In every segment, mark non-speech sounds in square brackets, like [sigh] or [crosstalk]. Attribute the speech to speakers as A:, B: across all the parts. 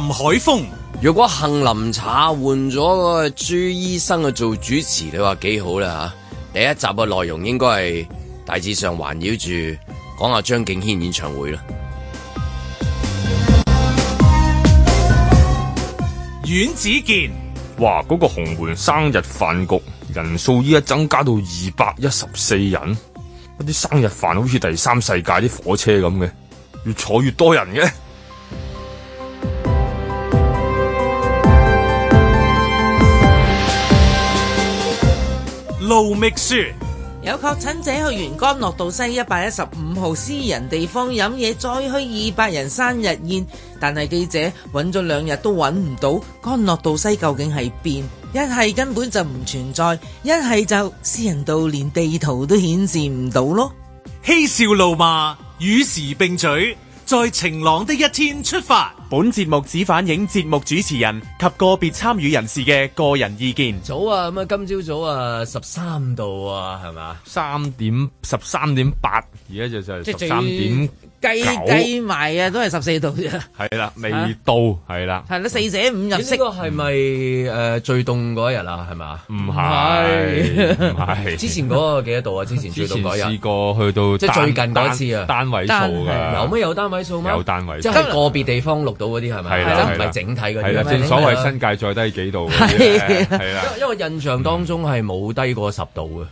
A: 林海峰，如果杏林茶換咗個朱醫生去做主持，你話幾好啦吓？第一集嘅內容應該係大致上環繞住講下張敬軒演唱會啦。
B: 阮子健，
C: 哇！嗰個紅門生日飯局人數依家增加到二百一十四人，嗰啲生日飯好似第三世界啲火車咁嘅，越坐越多人嘅。
D: 盧覓雪有確診者去完干諾道西一百一十五號私人地方飲嘢，再去二百人生日宴。但係記者揾咗兩日都揾唔到，干諾道西究竟係邊？一係根本就唔存在，一係就私人到連地圖都顯示唔到咯。嬉笑怒罵與時並
B: 舉，在晴朗的一天出發。本節目只反映節目主持人及個別參與人士嘅個人意見。早
A: 啊，咁啊，今朝早，早啊，十三度
C: 啊，係咪？三點，十三點八，而家就就係十三點。
D: 計計埋啊，都係十四度啫。
A: 係啦，未到，係、啊、啦。
D: 係啦，四捨五入色。呢、這個係
A: 咪誒最凍嗰日啊？係嘛？唔係，唔係。之前嗰個幾多度啊？之前最凍嗰日。試
C: 過去到即係最近嗰次啊，單，單位數嘅，有咩
A: 有單位數嗎？有單位數。即係個別地方錄到嗰啲係咪？係啦，唔係、啊、整體嗰啲。係啦、啊啊啊啊，正所謂新界再低幾度。係啦、啊，因為印象當中係冇低過十度嘅。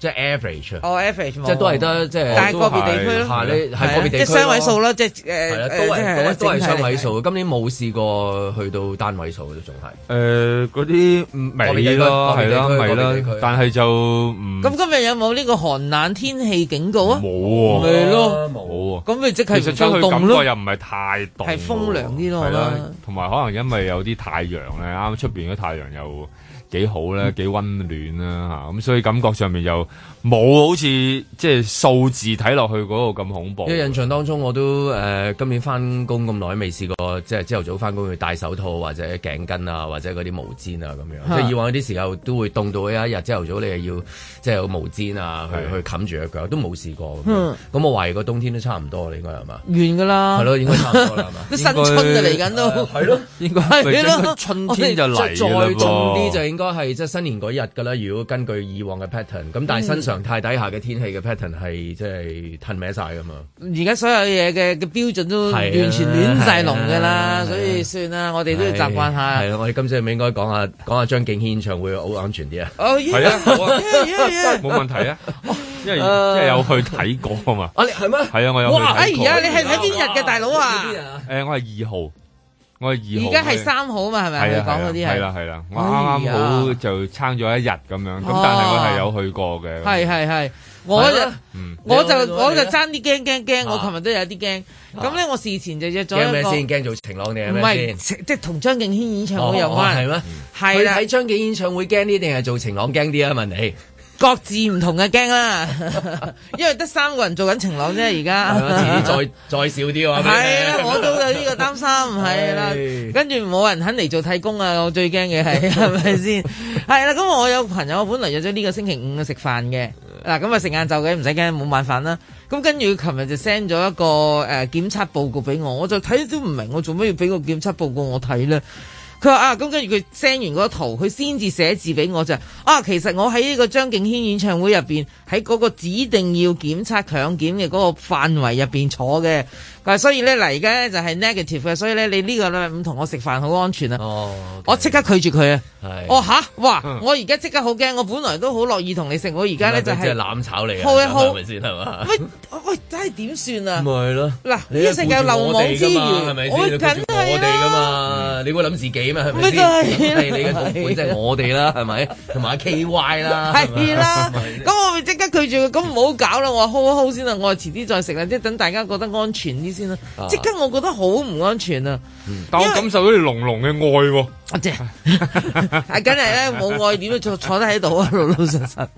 A: 即係 average，、哦、average 即係都係得即係，但係個別地區咯，係個別地區，即係雙位數咯，即係誒，都係都係雙位數。呃、位數今年冇試過去到單位數嘅，仲係誒嗰啲尾咯，係、呃、啦，係啦。但係就
D: 咁、嗯、今日有冇呢個寒冷天氣警告啊？冇喎，係咯、啊，冇喎、啊。咁咪即係其實出去感覺又
C: 唔係太凍，係風涼啲咯。係啦，同埋可能因為有啲太陽咧，啱出邊嗰太陽又幾好咧， [laughs] 幾温暖啦、啊、咁所以感覺上面又。冇好似即係數字睇落去嗰個咁恐怖。即係
A: 印象當中，我都誒、呃、今年翻工咁耐，未試過即係朝頭早翻工要戴手套或者頸巾啊，或者嗰啲毛氈啊咁樣。即係以往啲時候都會凍到一日朝頭早你又要即係有毛氈啊去去冚住個腳，都冇試過。咁、嗯、我懷疑個冬天都差唔多，該該差多、 [laughs] 啊 [laughs] 該，你應該係嘛？
D: 完噶啦，係咯，應該差唔多啦，係嘛？新春就嚟緊都係咯，應該春天 [laughs] 就嚟，再凍啲就
A: 應該係即係新年嗰日噶啦。如果根據以往嘅 pattern，咁但、嗯身上太底下嘅天氣嘅 pattern 係即係褪歪晒噶嘛，
D: 而家所有嘢嘅嘅標準都完全亂曬龍噶啦，所以算啦、啊，我哋都要習慣一下。
A: 係啊，我哋今次咪應該講下講下張敬軒演唱會好安全啲、oh, yeah,
D: 啊？係啊，冇、yeah, yeah, 問題啊，yeah,
A: yeah, 因為、uh, 因為有去睇過啊嘛。係、uh, 咩？係啊，我有去睇。哎呀，你係喺邊日嘅大佬啊？
C: 誒、啊呃，我係二號。我二，而家係三號嘛，係咪啊？講嗰啲係，係啦係啦，啱啱、啊啊、好就撐咗一日咁樣，咁、啊、但係我係有去過嘅。
A: 係係係，
D: 我就、嗯、我就我就爭啲驚驚驚，我琴日都有啲驚。咁、啊、咧，我事前就約咗一個。驚咩先？
A: 驚做晴朗定唔
D: 係？即係同張敬軒演唱會有關係
A: 咩？係、哦、啦，睇張敬軒演唱會驚啲定係做晴朗驚啲啊？問你。各自
D: 唔同嘅驚啦， [laughs] [laughs] 因為得三個人做緊情侶啫，而家遲啲再
A: 再少啲啊！係 [laughs] 現在 [laughs] [laughs] 啊，
D: 我都有呢個擔心，係 [laughs] 對啦。 [laughs] 跟住冇人肯嚟做替工啊，我最驚嘅係係咪先？係 [laughs] 對吧 [laughs] [laughs] 啦，咁我有個朋友，我本來約咗呢個星期五食飯嘅，嗱咁啊食晏晝嘅唔使驚，冇晚飯啦。咁跟住琴日就 send 咗一個誒、呃、檢測報告俾我，我就睇都唔明，我做咩要俾個檢測報告我睇咧？佢話啊，咁跟住佢 send 完嗰圖，佢先至寫字俾我就啊，其實我喺呢個張敬軒演唱會入邊，喺嗰個指定要檢測強檢嘅嗰個範圍入邊坐嘅。所以咧而家咧就係 negative 嘅，所以咧你呢個咧唔同我食飯好安全啊！Oh, okay. 我即刻拒絕佢啊！哦，吓、啊？哇！我而家即刻好驚，我本來都好樂意同你食，我而家咧就係、是、攬炒你啊！係咪先係嘛？喂喂，真係點算啊？咁係咯！嗱，呢個世界有漏網之魚嘛，係咪先？拒絕我哋嘅嘛，你會諗自
A: 己嘛，係咪先？唔係、就是、你嘅同即係我哋啦，係咪？同埋、嗯、KY 啦，係啦。
D: 咁 [laughs] 我咪即刻拒絕佢，咁唔好搞啦！我話 hold 一 hold 先啦，我話遲啲再食啦，即等大家覺得安全啲。先、啊、啦，即刻我覺得好唔安全啊、嗯！但我感受到你濃濃嘅愛喎、哦。阿姐，係緊梗係咧冇愛點啊？ [laughs] 坐坐喺度啊，老老實實。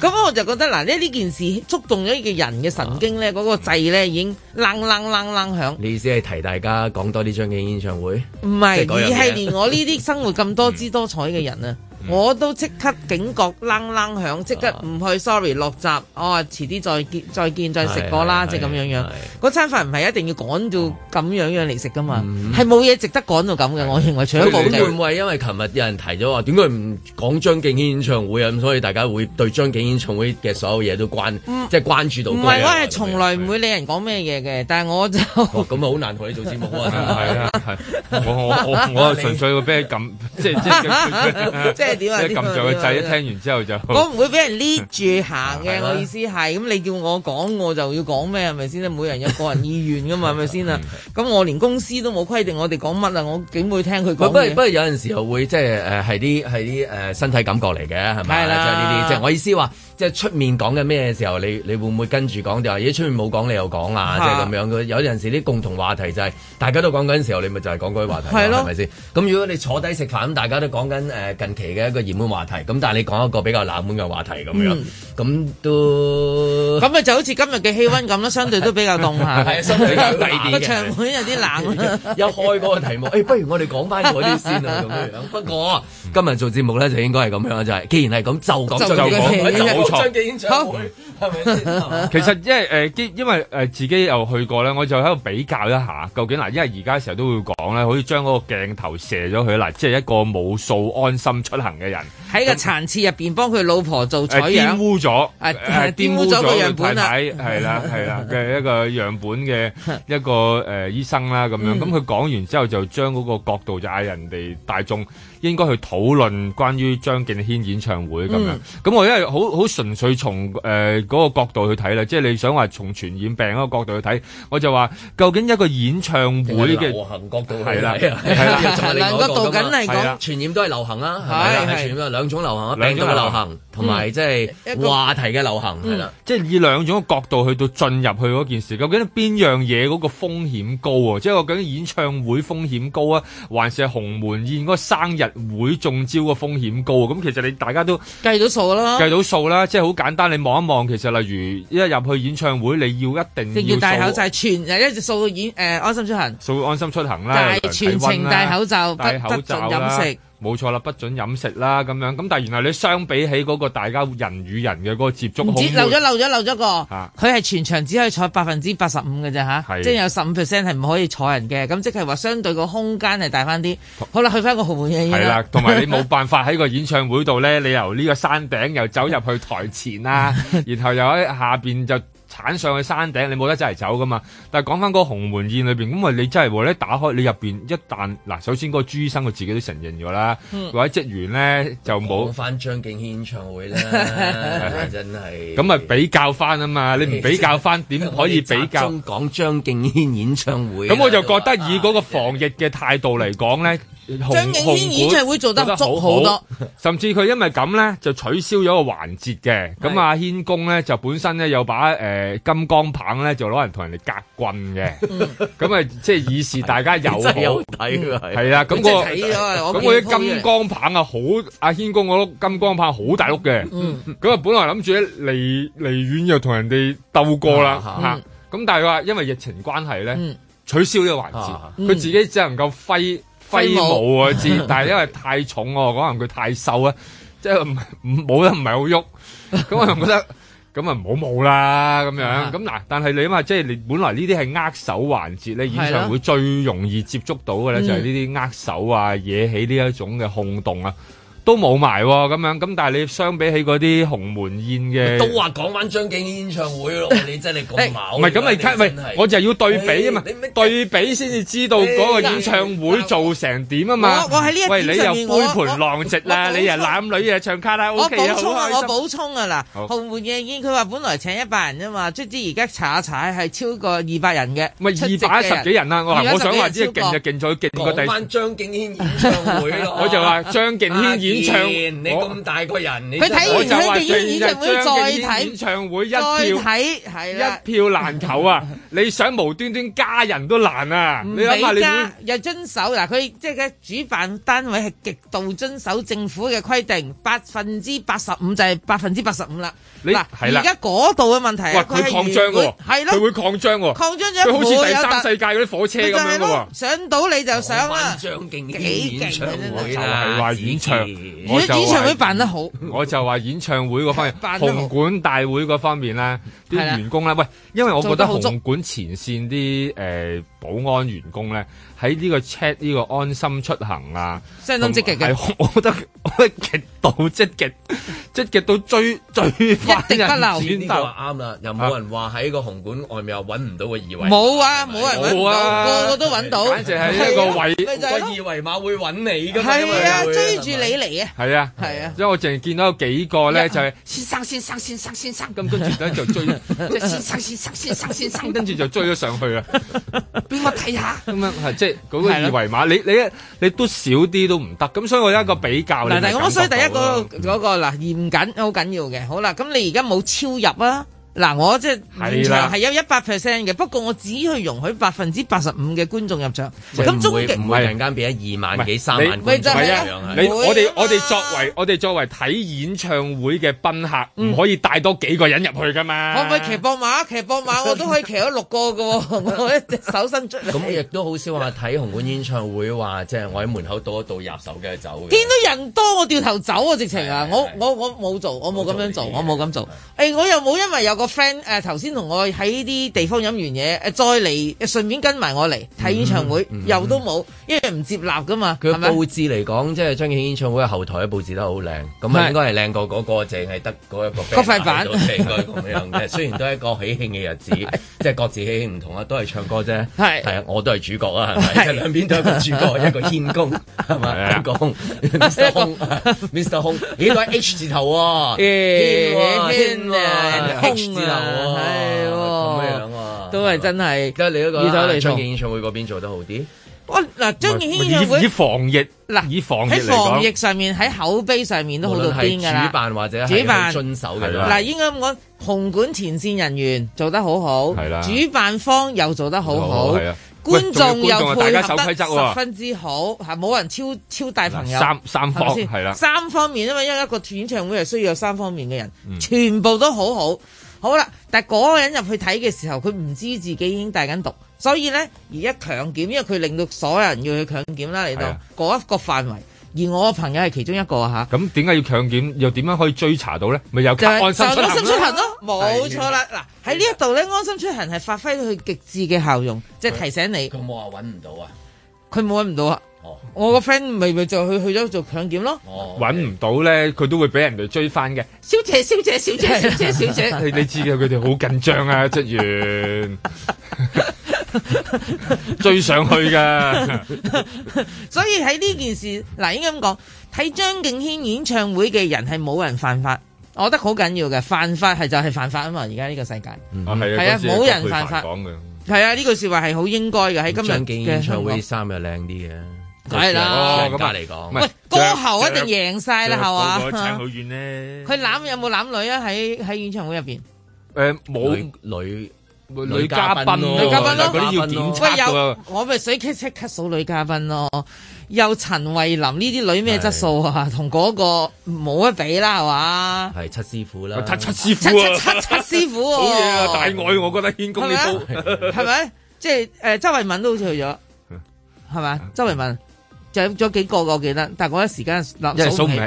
D: 咁 [laughs] [laughs] 我就覺得嗱，呢件事觸動咗人嘅神經咧，嗰、啊那個掣咧已經啷啷啷啷響。
A: 你意思係提大家講多啲張敬軒演唱會？唔係、就是啊，而係連
D: 我呢啲生活咁多姿多彩嘅人啊！嗯嗯、我都即刻警覺，楞楞響，即刻唔去。啊、Sorry，落閘，我、哦、話遲啲再見，再見再食過啦，即係咁樣樣。嗰餐飯唔係一定要趕到咁樣樣嚟食噶嘛，係冇嘢值得趕到咁嘅。我認為除咗個會唔
A: 會係因為琴日有人提咗話，點解唔講張敬軒演唱會啊？咁所以大家會對張敬軒演唱會嘅所有嘢都關，嗯、即係關注到。唔係，我係
D: 從來唔會理人講咩嘢嘅，但係我就咁
A: 好、哦、難同你做節目啊！係 [laughs] 我我純我，我， [laughs] 我純粹俾你撳，
C: [laughs] 即係 [laughs] [laughs] 即係撳住佢掣，一、啊啊、聽完之後就我唔會俾人拎
D: 住行嘅， [laughs] 我意思係咁。你叫我講，我就要講咩，係咪先咧？每人有個人意願噶嘛，係咪先啊？咁 [laughs] 我連公司都冇規定我哋講乜啊？我點會聽佢講？不不過有陣時候
A: 會即係誒，係啲係啲誒身體感覺嚟嘅，係咪啊？係喇，就係呢啲，即係我意思話。即係出面講緊咩時候，你你會唔會跟住講？就話咦出面冇講，講，你又講啊就，即係咁樣有陣時啲共同話題就係，是，大家都講緊時候，你咪就係講嗰啲話題係咪先？咁，啊、如果你坐低食飯，大家都講緊近期嘅一個熱門話題，咁但係你講一個比較冷門嘅話題咁，嗯、樣，咁都
D: 咁就好似今日嘅氣温咁咯，相對都比較凍下，係啊，相對都低啲嘅。個場 [laughs] 有啲冷， [laughs] 有開嗰個題目， [laughs] 哎，不如我哋講翻嗰啲先，啊、不
A: 過今日做節目咧，就應該係咁樣就係，是，既然係咁，就講就講。就就 [laughs] 張
D: 敬軒演
A: 唱會，係咪先？ [laughs] 是是嗯、 [laughs] 其實因為誒，因為誒、呃，自己又去過咧，我就
C: 喺度比較一下，究竟嗱，因為而家嘅時候都會講咧，好似將嗰個鏡頭射咗佢啦即係一個冇數安心出行嘅人，
D: 喺個殘廁入邊幫佢老婆做彩影、呃、污
C: 咗，誒、呃，玷污咗、呃、樣本、啊、太,太，係啦係啦嘅一個樣本嘅一個誒、 [laughs] 呃、醫生啦咁樣，咁佢講完之後就將嗰個角度就嗌人哋大眾應該去討論關於張敬軒演唱會咁樣，咁、嗯、我因為好好。純粹從誒嗰個角度去睇啦，即係你想話從傳染病嗰個角度去睇，我就話究竟一個演唱會嘅流行角度係啦，係啦，兩 [laughs] 個度緊嚟講，係啊，
A: 傳染都係流行啦，係係，傳染兩種流行啊，病都係流行。同埋即係話題嘅流行係
C: 啦，即、嗯、係、嗯就是、以兩種角度去到進入去嗰件事，究竟邊樣嘢嗰個風險高啊？即係我究竟演唱會風險高啊，還是係鴻門宴嗰個生日會中招嘅風險高啊？咁其實你大家都
D: 計到數啦，計
C: 到數啦，即係好簡單，你望一望其實，例如一入去演唱會，你要一定要戴口罩，
D: 就全一直掃到演誒安心出行，
C: 掃安心出行啦，大全程口戴口罩，不口罩，飲食。冇錯啦，不准飲食啦，咁樣咁，但係然後你相比起嗰個大家人與人嘅嗰個
D: 接觸，漏咗漏咗漏咗個，佢、啊、係全場只可以坐百分之八十五嘅啫嚇，即係有十五 percent 係唔可以坐人嘅，咁即係話相對個空間係大翻啲。好啦，去翻個豪門嘢係啦，同埋你冇
C: 辦法喺個演唱會度咧， [laughs] 你由呢個山頂又走入去台前啦， [laughs] 然後又喺下面就。揀上去山頂，你冇得真係走噶嘛？但係講翻嗰個鴻門宴裏邊，咁啊你真係咧打開你入邊，一旦嗱首先嗰個朱醫生佢自己都承認咗啦、嗯，或者職員咧就冇翻
A: 張、， [laughs] 啊、 [laughs] 比 [laughs] 張敬軒演唱會啦，
C: 真係咁啊比較翻啊嘛，你唔比較翻點可以比較？
A: 講張敬軒演唱會，咁
C: 我就覺得以嗰個防疫嘅態度嚟講咧、啊，張敬軒演唱會做得足好多， [laughs] 甚至佢因為咁咧就取消咗個環節嘅，咁啊軒公咧就本身咧有把誒。呃金剛棒咧就攞人同人哋夾棍嘅，咁啊即係以示大家友好。 [laughs] 真係好睇啊！係啊，咁、那個咁我啲金剛棒啊，好阿軒嗰碌金剛棒好大碌嘅。咁、嗯、啊、啊，本來諗住喺離離遠又同人哋鬥過啦吓。咁但係佢話因為疫情關係咧，啊、取消呢個環節。佢、啊、自己只能夠揮揮舞啊，揮武揮武但係因為太重喎、啊，啊、可能佢太瘦啊即，即係唔唔冇得唔係好喐。咁我又覺得。咁啊，唔好冇啦，咁樣咁嗱，但係你吖嘛？即係你本來呢啲係握手環節咧，演唱會最容易接觸到嘅咧，就係呢啲握手啊，嗯、惹起呢一種嘅轟動啊。都冇埋喎，咁樣咁，但係你相比起嗰啲鴻門宴嘅，都話
A: 講翻張敬軒演唱會咯，你真係講矛，唔係咁咪卡，唔係我
C: 就係要對比啊嘛，對比先至知道嗰個演唱會做成點啊嘛。我我喺呢一，喂你又杯盤狼藉啦，你又攬女啊，唱卡拉 OK 啊，我補充啊，我補
D: 充啊嗱，鴻門宴佢話本來請一百人啫嘛，即係而家查一查係超過二百人嘅，唔係二百一十幾人啦，我我想話即係勁就
C: 勁在勁過第。翻
A: 張敬軒演唱會咯，我就話張敬
C: 軒演。演唱
A: 你咁大個人，我你我就話：最
C: 演，演唱會票再票睇，係啦，一票難求啊！ [laughs] 你想無端端加人都難啊！你諗下你
D: 又遵守嗱，佢即係佢主辦單位係極度遵守政府嘅規定，百分之八十五就係百分之八十五啦。
C: 你係啦，而家
D: 嗰度嘅問題，啊，佢擴張喎，咯，佢
C: 會擴張喎，擴
D: 張咗，佢好似第三世
C: 界嗰啲火車咁樣咯喎，
D: 上、就係、到你就想啦，演唱勁幾勁啊！就
C: 係話演唱，如果演唱會
D: 辦得好， [laughs]
C: 我就話演唱會嗰方面，紅館大會嗰方面咧。啲員工咧，喂，因為我覺得紅館前線啲誒、呃、保安員工咧，喺呢個 check 呢個安心出行啊，相當積
D: 極嘅，我覺得
A: 極度積極，積極,極到最最快，一定不留啱啦，又冇人話喺個紅館外面揾唔到個二維，冇啊冇人冇啊，個個都揾到，反正係一個位個二維碼會揾你噶嘛，係啊追
D: 住你嚟啊，係啊係啊,啊,啊，
C: 所以我淨係見到有幾個咧、啊、就係、是、
D: 先生先生先生先生，咁跟住咧就追。 [laughs] 先生先生先生先生，跟住
C: 就追咗上去啊！
D: 俾我睇下，咁
C: 樣係即係嗰個二維碼，你你一你都少啲都唔得，咁所以我有一個比較咧。嗱， [laughs] 但係咁所以第一個
D: 嗰、嗰個嗱嚴謹好緊要嘅，好啦，咁你而家冇超入啊。嗱，我即係現場係有一百 percent 嘅，不過我只去容許百分之八十五嘅觀眾入場。咁、就是、終極唔會突
A: 然間變咗二萬幾三萬觀眾入、啊啊
C: 啊啊、我哋我哋作為我哋作為睇演唱會嘅賓客，唔可以帶多
A: 幾個人入去噶嘛？可唔可以騎
D: 駁馬？騎駁馬我都可以騎咗六個嘅， [laughs] 我一隻手伸出來。嚟、 [laughs] 啊，咁
A: 亦都好少話睇紅館演唱會，話即係我喺門口度一度入手跟住走。
D: 見到人多，我掉頭走啊！直情啊，我我我冇做，我冇咁樣做，我冇咁做。誒、欸，我又冇因為有。個 friend 誒、呃，頭先同我喺啲地方飲完嘢，誒、呃、再嚟，順順便跟埋我嚟睇演唱會、嗯嗯，又都冇，因為唔接納噶嘛。佢布
A: 置嚟講，即係張敬軒演唱會後台嘅布置得好靚，咁啊應該係靚過嗰個，淨係得嗰一個塊版，嗰塊板應該咁樣嘅。 [laughs] 雖然都係一個喜慶嘅日子，即 [laughs] 係各自喜慶唔同啦，都係唱歌啫。係啊，我都係主角啊，係咪？兩邊都係一個主角，一個天公，係咪天公，Mr 空、uh,，Mr 空，幾多 H 字頭喎、啊 hey, 啊？天啊，天啊，天啊，天啊、H 知啦、啊，唉、啊，咁、啊、
D: 都係真係。而家你嗰個演、
A: 啊、唱會嗰邊做得好啲？我、啊、嗱張敬軒演唱會以防疫嗱，以防疫喺、啊防，啊、防疫
D: 上面喺口碑上面都好到邊㗎。主辦或者主辦遵守㗎啦。嗱、啊啊啊，應該我紅館前線人員做得好好，係啦、啊。主辦方又做得好好，係啊，啊。觀眾又配合得十分之好，冇人超超大朋友。三三方先係啦、啊，三方面，因為一個演唱會係需要有三方面嘅人、嗯，全部都好好。好啦，但係嗰個人入去睇嘅時候，佢唔知自己已經帶緊毒，所以咧，而家強檢，因為佢令到所有人要去強檢啦，嚟到嗰一個範圍，而我朋友係其中一個吓，咁點解要強檢？又點樣可以追查到咧？咪又靠安心出行咯，冇錯啦。嗱喺呢一度咧，安心出行係、啊啊啊啊、發揮到佢極致嘅效用，即係、就是、提醒你。佢冇話揾唔到啊，佢冇揾唔到啊。我個 friend 咪咪就去去咗做強檢咯，揾、
C: okay. 唔到咧，佢都會俾人哋追翻嘅。
D: 小姐，小姐，小姐，小姐，小姐，小姐 [laughs] 你知
C: 嘅，佢哋好緊張啊，職 [laughs] 員出源
D: [laughs] 追上去噶。 [laughs] 所以喺呢件事，嗱、啊、應該咁講，睇張敬軒演唱會嘅人係冇人犯法，我覺得好緊要嘅。犯法係就係犯法啊嘛，而家呢個世界，係、mm -hmm. 啊冇、啊啊、人犯法，講嘅、係啊呢句説話係好應該嘅。喺、嗯、今日演唱會
A: 衫又靚啲嘅。係啦，咁啊嚟講，喂，歌喉一定贏晒啦，係嘛？好遠咧。佢
D: 攬有冇攬女啊？喺喺演唱會入邊？
A: 誒、呃，冇女
C: 女嘉賓，女嘉賓咯，咯，咯，咯，咯，
D: 喂有，我咪隨機 check 數女嘉賓咯。又陳慧琳呢啲女咩質素啊？同嗰個冇得比啦，係嘛？
A: 係七師傅啦，七七師傅七七七師傅 [laughs] 好嘢啊！大愛，我覺得謙功啲都係咪？
D: 即係誒，周慧敏都好似去咗，係咪周慧敏。就咗幾個嘅，我記得，但係我一時間，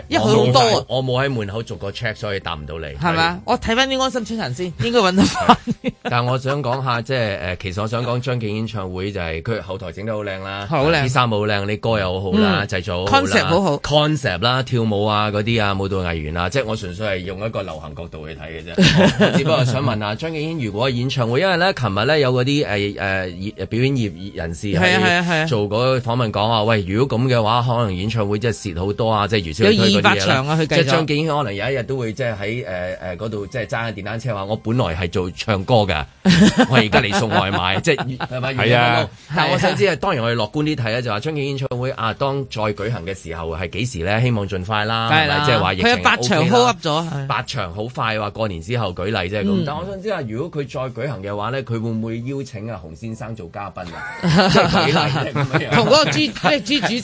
D: 因為好多。
A: 我冇喺門口逐個 check，所以答唔到你。係咪？
D: 我睇翻啲安心出行先， [laughs] 應該揾到。
A: [laughs] 但我想講下，即、就、係、是、其實我想講張敬軒演唱會就係、是、佢後台整得 [laughs] 好靚啦，好靚，啲衫好靚，啲歌又好好啦，嗯、製造 concept 好好，concept 啦，跳舞啊嗰啲啊，舞蹈藝員啊，即、就、係、是、我純粹係用一個流行角度去睇嘅啫。 [laughs] 我只不過想問下 [laughs] 張敬軒，如果演唱會，因為咧，琴日咧有嗰啲、呃呃、表演業人士是 [laughs] 是、啊啊啊、做嗰個訪問講話，喂，如果咁嘅話，可能演唱會即係蝕好多啊！即係如少有二百場啊，佢即係張敬軒可能有一日都會即係喺誒誒嗰度即係揸下電單車話，我本來係做唱歌嘅， [laughs] 我而家嚟送外賣， [laughs] 即係係咪？但我想知係、啊、當然我哋樂觀啲睇咧，就話張敬軒演唱會啊，當再舉行嘅時候係幾時咧？希望盡快啦，即係話疫情、OK、八場 hold 咗，八場好快話過年之後舉例啫咁、嗯。但我想知啊，如果佢再舉行嘅話咧，佢會唔會邀請啊洪先生做嘉賓啊？同 [laughs] 嗰 [laughs] 那個豬即係主。一樣， [laughs] 即係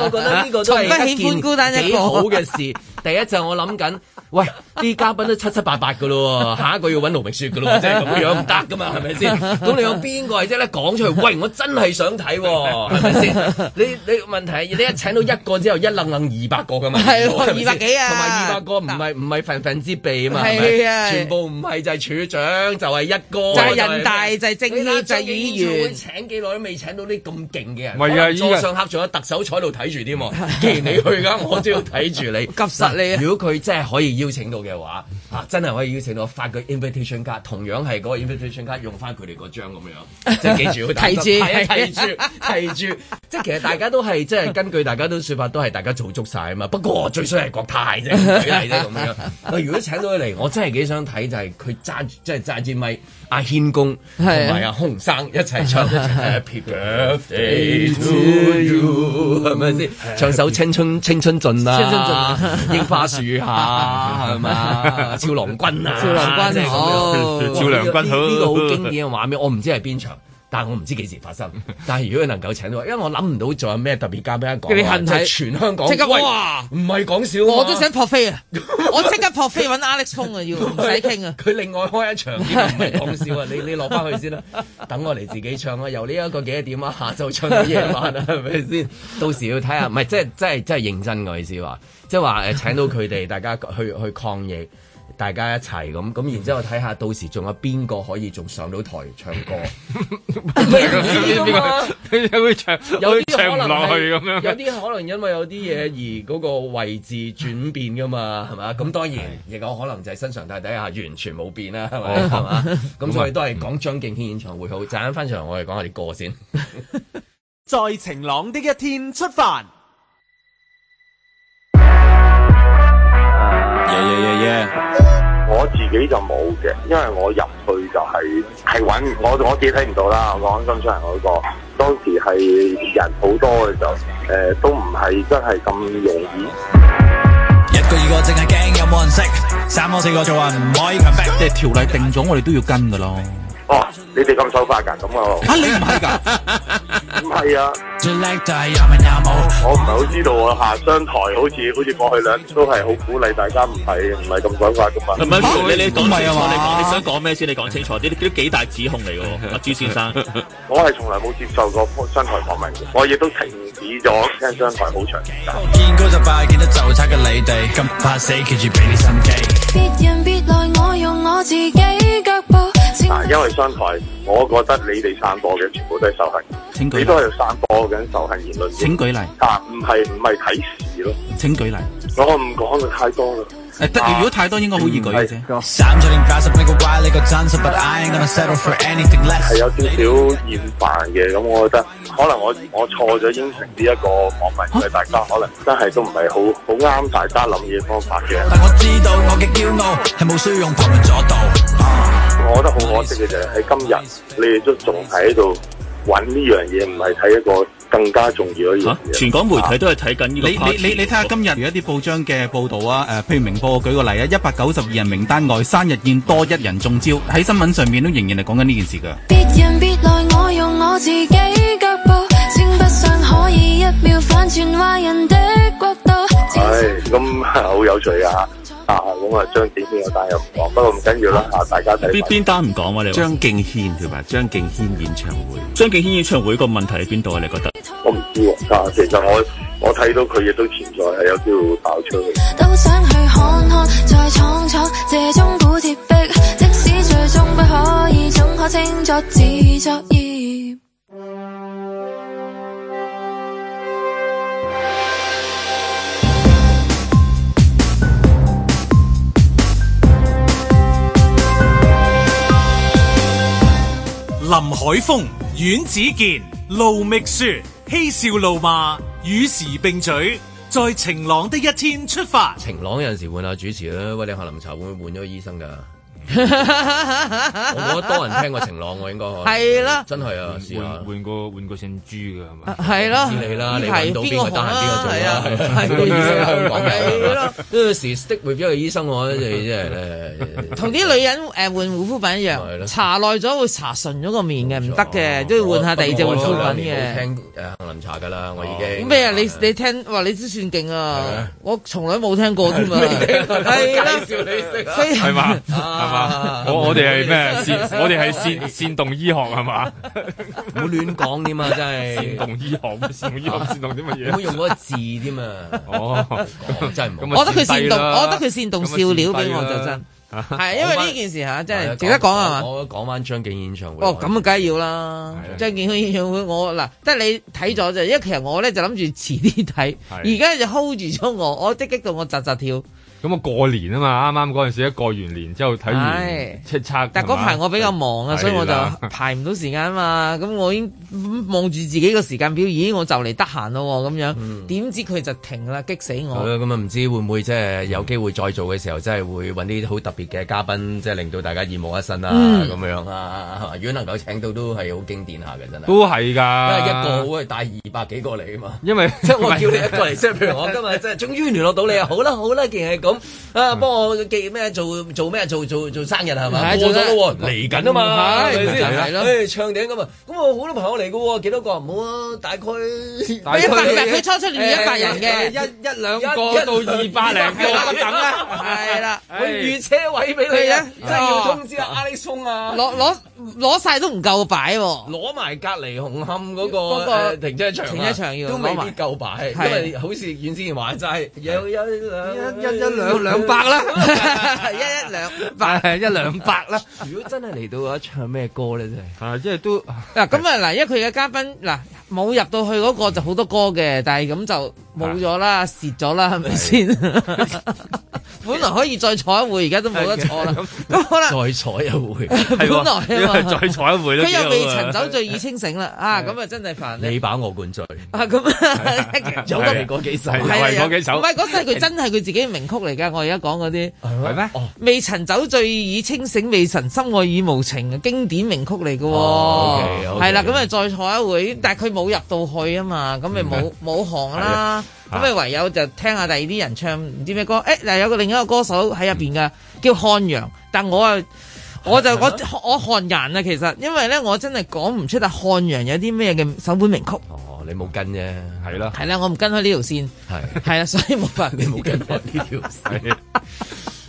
A: 我覺得呢個都係一件幾好嘅事。 [laughs] 第一就我諗緊，喂，啲嘉賓都七七八八噶咯，下一個要揾盧明雪噶咯，即係咁樣唔得噶嘛，係咪先？咁你有邊個即係咧講出去？喂，我真係想睇，啊，係咪先？你你問題，你一請到一個之後，一愣愣二百個噶嘛，二百幾啊，同埋二百個唔係唔係份份之輩啊嘛是是，全部唔係就係、是、處長，就係、是、一個，就係、是、人大，就
D: 係政要，就係、是就是、議員。議請幾耐都未請到啲咁勁嘅人，唔係啊，座
A: 上客仲有特首坐喺度睇住添，既然你去噶，我都要睇住你， [laughs] 急實啊、如果佢真係可以邀請到嘅話，嚇、啊、真係可以邀請到，發個 invitation 卡，同樣係嗰個 invitation 卡用翻佢哋嗰張咁樣，即係記住。提住， [laughs] 提住，提住，即係其實大家都係即係根據大家都説法，都係大家做足晒啊嘛。不過最衰係國泰啫，啫咁樣。我 [laughs] 如果請到佢嚟，我真係幾想睇，就係佢揸即係揸支咪阿、啊、軒公同埋阿空生一齊唱。係咪先？唱首青春青春盡啊！青春盡啊 [laughs] 花樹下係咪？俏郎君啊，俏郎君好，俏、哦、郎君好，呢、哦這個好、這個哦這個、經典嘅畫面，我唔知係邊場。但係我唔知幾時發生。但係如果能夠請到，因為我諗唔到仲有咩特別嘉賓人講。你恨係全香港。即刻哇！唔
D: 係講笑。我都想撲飛啊！ [laughs] 我即刻撲飛揾 Alex 衝 [laughs] 啊！要唔使傾啊！
A: 佢另外開一場添，唔係講笑啊！ [laughs] 你你落翻去先啦、啊，等我嚟自己唱啊！由呢一個幾點啊，下晝唱到夜晚啊，係咪先？到時要睇下，唔係即係即係即係認真㗎意思話，即係話誒請到佢哋， [laughs] 大家去去抗疫。大家一齊咁咁，然之後睇下到時仲有邊個可以仲上到台唱歌？有啲唱有唱落去咁樣，有啲可， [laughs] 可能因為有啲嘢而嗰個位置轉變噶嘛，係 [laughs] 咪？咁當然亦有可能就係新常態底下完全冇變啦，係 [laughs] 咪是吧？係嘛？咁所以都係講張敬軒演唱會好，陣間翻上嚟我哋講下啲歌先。在 [laughs] 晴朗的一天出發。耶耶耶
E: 耶，我自己就冇嘅，因為我入去就係係搵我我自己睇唔到啦。我安心出行嗰個，當時係人好多嘅時候誒、呃，都唔係真係咁容易。一個
D: 二個淨係驚有冇人識，三個、四個
B: 就話唔可以。咁即係條例定咗，我哋都要跟噶咯。哦，你哋咁守法噶，咁我啊你唔係噶。 [laughs] [laughs]
E: 唔 [laughs] 係啊！ [music] 我唔係好知道啊。我下商台好似好似過去兩年都係好鼓勵大家唔係唔係咁講法嘅嘛？唔、啊、係、啊、你你講咩啊嘛？你想
C: 講咩先？你講清楚啲，都 [laughs] 幾大指控嚟嘅喎，阿、 [laughs] 啊、朱先生。
E: [laughs] 我係從來冇接受過商台訪問嘅，我亦都停止咗聽商台好長
B: 時間。見高就拜，見到，就差嘅你哋咁怕死 keep 住俾你心機。別人
F: 別來，我用我自己腳步。
B: 嗱、啊，因為
E: 商台，我覺得你哋散播嘅全部都係仇恨，你都係散播緊仇恨言論。請舉例。啊，唔係唔係睇事咯。請舉例。我唔講得太多
A: 啦、啊。如果太多應該好易舉嘅啫。係、嗯、有少少
E: 厭煩嘅，咁我覺得，可能我我錯咗應承呢一個網民，佢、啊、大家可能真係都唔係好好啱大家諗嘢方法嘅。但我
A: 知道我嘅驕傲，係冇需要用阻道。我覺
E: 得好可惜嘅就係喺今日，你哋都仲喺度。揾呢樣嘢唔係睇一個更加重要嘅嘢、啊。全
B: 港媒體都係睇緊
E: 呢個。你你你你
A: 睇下今日有一啲報章嘅報導啊，誒、呃，譬如明報舉個例啊，一百九十二人名單外，生日宴多一人中招，喺新聞上面都仍然係講緊呢件事㗎。
F: 別人別來，我用我自己腳步，稱不上可以一秒反轉壞人
E: 的角度。係，咁、哎、好有趣啊！啊，咁啊，張敬軒都要帶入講，不過唔緊要啦，嚇、啊，大家睇邊邊
B: 單唔講喎？我哋張敬軒同埋張敬軒演唱會，張敬軒演唱會個問題喺邊度啊？你覺得？我
E: 唔知喎。啊，其實我我睇到佢亦都潛在係有機會爆出去。
F: 都想去看看，再闖闖，這中古鐵壁，即使最終不可以，總可稱作自作孽。
B: 林海峰、阮子健、盧覓雪嬉笑怒罵與時並舉，
A: 在晴朗的一天出發。晴朗有陣時換下主持啦，喂，你下林茶會唔會換咗個醫生噶？
G: [laughs] 我覺得多人聽
A: 過晴朗喎，我應該係啦，真係啊，試下換個換個姓朱嘅係咪？係咯，你啦、啊，你揾到邊個單
D: 邊個做啊？係啊，係香港
A: 係咯，有時識會俾一個醫生我，你真係誒，同
D: 啲女人誒換護膚品一樣，搽耐咗會搽順咗個面嘅，唔得嘅都要換下第二隻護膚品嘅。聽
A: 誒杏林茶㗎啦，我已經
D: 咩啊？你你聽話你都算勁啊！我從來冇聽過添嘛。係啦，介紹你識係嘛？
C: 我我哋係咩？我哋係煽煽動醫學系嘛？
A: 唔好亂講添啊！真係煽動醫學，煽動醫學，煽動啲乜嘢？唔 [laughs] 好用嗰個字添 [laughs] 啊！哦，真係冇。我覺得佢煽動，啊，我覺得佢煽動笑料，啊。啊，我就真，係，啊，因為呢件事吓，真係值得講係嘛？我講翻張敬軒演唱會
D: 哦，咁啊，梗係要啦。張敬軒演唱會，我嗱即係你睇咗就，因為其實我咧就諗住遲啲睇，而家就 hold 住咗我，我即激到我扎扎跳。
C: 咁我過年啊嘛，啱啱嗰陣時一過完年之後睇完
D: 但嗰排我比較忙啊，所以我就排唔到時間啊嘛。咁我已經望住自己個時間表演，咦我就嚟得閒咯咁樣，點、嗯、知佢就停啦，激死我！咁
A: 啊唔知會唔會即係、就是、有機會再做嘅時候，真、就、係、是、會搵啲好特別嘅嘉賓，即係令到大家耳目一新啦，咁樣啊。如果能夠請到都係好經典下嘅，真係都係㗎，一個好，係帶二百幾個嚟啊嘛。因為即係我叫你一個嚟，即係譬如我今日即係終於聯絡到你啊，好啦好啦，咁啊，幫我寄咩做做咩做做做生日係咪過咗咯，嚟緊啊嘛，係咪先？誒，唱定咁啊，咁我好多朋友嚟噶，幾多個唔好啊，大概一百人，佢初出年一百人嘅，一
D: 一兩個到二百零，等啦，係啦，我預車位俾你啊，真係要通知阿阿李松啊，攞攞攞晒都唔夠擺，攞
A: 埋隔籬紅磡嗰個停車場，停車
D: 場要都未必夠擺，因為好
A: 似原先話齋有有
D: 兩一一一。兩兩百啦， [laughs] 一一兩百， [laughs] 一兩百
A: 啦。 [laughs] 如果真係嚟到嘅話，唱咩歌咧？真 [laughs] 係啊，即、就、係、是、都
D: 嗱咁啊嗱、啊啊，因為佢嘅嘉賓嗱。啊冇入到去嗰個就好多歌嘅，但係咁就冇咗啦，啊、蝕咗啦，係咪先？ [laughs] 本來可以再坐一會，而家都冇得坐啦、 [laughs] 嗯。
A: 再坐一會， [laughs] 本來啊、就、嘛、是，再坐一會啦、啊。佢又未曾酒
D: 醉已清醒啦，啊咁啊真係煩你。
A: 你把我灌醉
D: 啊咁，就係嗰
A: 幾首，唔係嗰首，唔係嗰首，佢、那個、真
D: 係佢自己嘅名曲嚟㗎。我而家講嗰啲係咩？未曾酒醉已清醒，未曾深愛已無情嘅經典名曲嚟㗎。係、哦、啦，咁啊再坐一會，但係佢冇。冇入到去啊嘛，咁咪冇冇行啦，咁咪唯有就聽下第二啲人唱唔知咩歌，誒、啊、嗱、欸、有個另一個歌手喺入邊噶，叫漢陽，但我啊我就我我，我漢人啊，其實因為咧我真係講唔出啊漢陽有啲咩嘅首本名曲，哦
A: 你冇跟啫，係咯，
D: 係啦，我唔跟開呢條線，係係啊，所以冇辦法，你冇跟開
A: 呢條線。 [laughs] 是的 [laughs]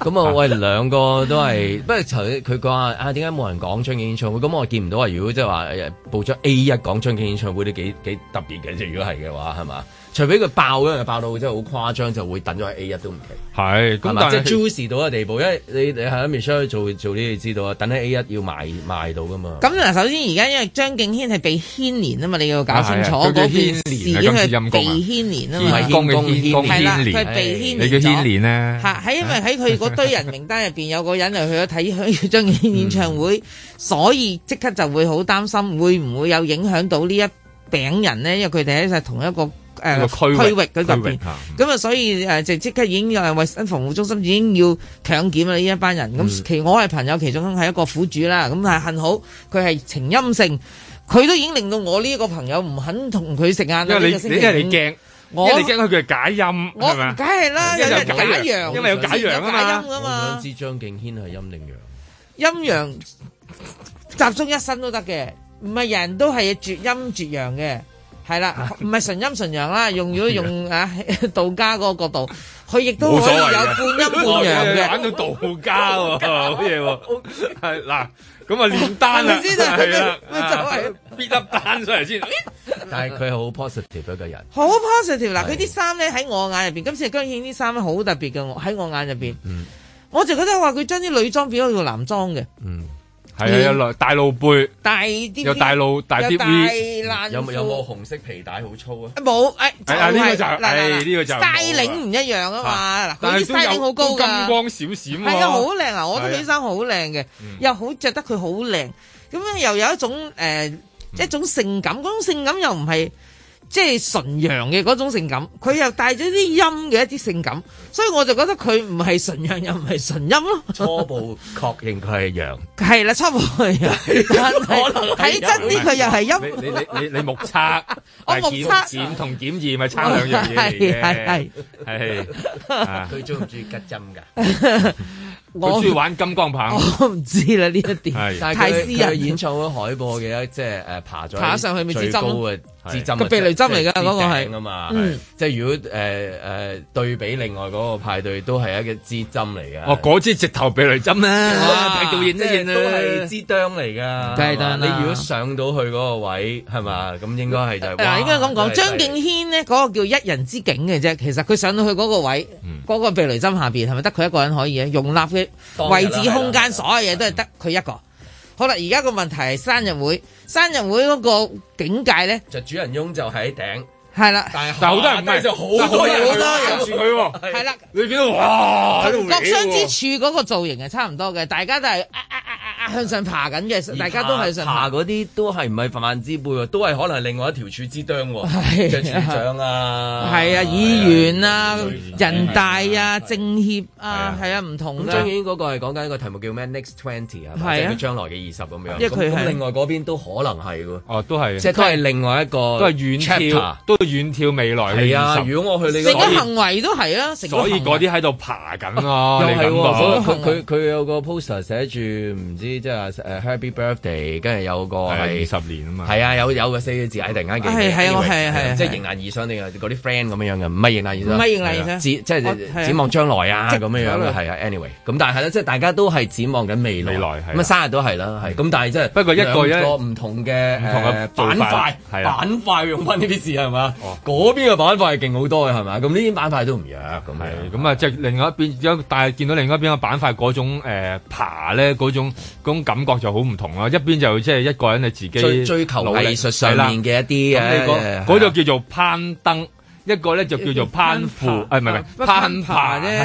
A: 咁 [laughs] 我喂，兩個都係，不過佢講啊，啊點解冇人講唱 K 演唱會？咁我見唔到話，如果即係話報咗 A 一講唱 K 演唱會都幾幾特別嘅，如果係嘅話，係咪？除非佢爆嘅，爆到真係好誇張，就會等咗喺 A 一都唔奇。
D: 係，咁但係 Juicy
A: 到嘅地步，因為你你喺 Michelle 做做啲，你知道啊，等喺 A 一要賣賣到噶嘛。
D: 咁嗱，首先而家因為張敬軒係被牽連啊嘛，你要搞清楚，事佢、啊啊、被牽連啊嘛，唔係貢獻，係啦，被牽連咗。嚇，喺、啊、因為喺佢嗰堆人名單入邊有個人就 [laughs] 去咗睇張敬軒演唱會，嗯，所以即刻就會好擔心會唔會有影響到呢一病人呢？因為佢哋喺同一個。誒、嗯，區域嗰個點，咁啊、嗯嗯，所以誒、呃，就即刻已經誒，衛生防護中心已經要強檢啦呢一班人。咁、嗯、其我係朋友其中係一個苦主啦，咁但係幸好佢係呈陰性，佢都已經令到我呢個朋友唔肯同佢食啊。因為你，因你驚，
A: 我，你驚佢係解
D: 陰，我梗係啦，有解陽，因為有解陽啊嘛。唔
A: 知張敬軒係陰定陽，
D: 陰陽集中一身都得嘅，唔係人都係絕陰絕陽嘅。係啦，唔係純陰純陽啦，用咗用 [laughs] 啊道家嗰個角度，佢亦都可以有半陰半陽嘅。 [laughs] 玩到
C: 道家喎、啊，好嘢喎？係 [laughs] 嗱、啊，咁啊練丹啦，係 [laughs] 啦，就係
A: 辟得丹出嚟先。Uh, [laughs] 來 [laughs] 但係佢好 positive 嘅一個人，
D: 好 positive 嗱。佢啲衫咧喺我眼入邊，今次姜顯啲衫好特別嘅，喺我眼入邊、嗯，我就覺得話佢將啲女裝變咗做男裝嘅。嗯係啊，大露背，有大露大啲 V，有冇有冇
A: 紅色皮帶好粗啊？
D: 冇，誒，呢個就，誒呢
A: 個就帶領
D: 唔一樣啊嘛。嗱，啲帶領好高噶，金光閃
A: 閃，係啊，好
D: 靚啊，我啲衣衫好靚嘅，又好着得佢好靚，咁樣又有一種誒一種性感，嗰種性感又唔係。即係純陽嘅嗰種性感，佢又帶咗啲陰嘅一啲性感，所以我就覺得佢唔係純陽又唔係純陰咯。初步
A: 確認佢係陽，
D: 係 [laughs] 啦，初步係 [laughs] 真係睇真啲，佢又係
C: 陰。你你你，你目測 [laughs] 係，我目測，檢同檢驗咪差兩樣嘢嚟嘅。係係，
D: 佢
A: 中唔中意吉針㗎？ [laughs] 我中意玩金光棒。 [laughs] 我唔知啦呢一點， [laughs] 但係佢佢演唱會海報嘅即係誒爬咗爬上去，咪最支針個避雷針嚟嘅嗰個係，即、就、係、是嗯就是、如果誒誒、呃呃、對比另外嗰個派對都係一個支針嚟嘅。
C: 哦，嗰支直頭避雷針
D: 啦，啊，大導演都係
A: 支釘嚟噶。你如果上到去嗰個位係嘛，咁、嗯、應該係就是。但係應該咁講，張、就是、敬
D: 軒呢嗰、那個叫一人之境嘅啫。其實佢上到去嗰個位，嗰、嗯那個避雷針下邊係咪得佢一個人可以啊？容納嘅位置，位置空間，所有嘢都係得佢一個。好啦，而家個問題係生日會，生日會嗰個境界咧，就主人翁就喺頂。係啦，但係好多人唔係就好多人，啊，好多人住佢喎。
A: 係啦，你見到度。各
D: 商之柱嗰個造型係差唔多嘅，大家都係，啊啊啊啊啊啊，向上爬緊嘅，大家都係上爬
A: 嗰啲都係唔係泛泛之輩喎，都係可能另外一條柱之樑喎，就是，長啊，係啊，議員
D: 啊，啊，人大啊，啊政協啊，係啊，唔，啊啊啊啊，同啦。中央
A: 嗰個係講緊個題目叫咩？Next twenty 啊，係，就，佢，是，將來嘅二十咁樣。因為佢另外嗰邊都可能係喎，哦，都係，即係佢係另外一個都遠眺未來
C: 係啊，20，如果我去你
D: 個行為是、啊、都係啊， [noise] 啊，啊，啊，啊，所以嗰啲
C: 喺度爬緊咯。佢
A: 佢，啊、有個 poster 寫住唔知即係、呃、Happy Birthday，跟住有個十、啊、年啊嘛。係啊，有有個四個字突然間記。係係係即係迎難而上定係嗰啲 friend 咁樣樣嘅，唔係、啊 anyway, 啊啊啊啊就是、迎難而上。唔係、啊、迎難而上，即係展望將來啊咁樣樣係 Anyway，咁但係咧，即係大家都係展望緊未來。未來係。咁生日都係啦，咁但係即係不過一個一個唔同嘅唔同嘅板塊板塊用翻呢啲字係嘛。嗰邊嘅板塊係勁好多嘅係咪？咁呢
C: 啲板塊都唔弱，咁係，咁啊，即係另外一邊但係見到另外一邊嘅板塊嗰種誒、呃、爬咧，嗰種種感覺就好唔同咯。一邊就即係一個人你自己追求藝術上面嘅一啲嗰度叫做攀登，一個咧就叫做攀附，誒咪？係唔係攀爬咧，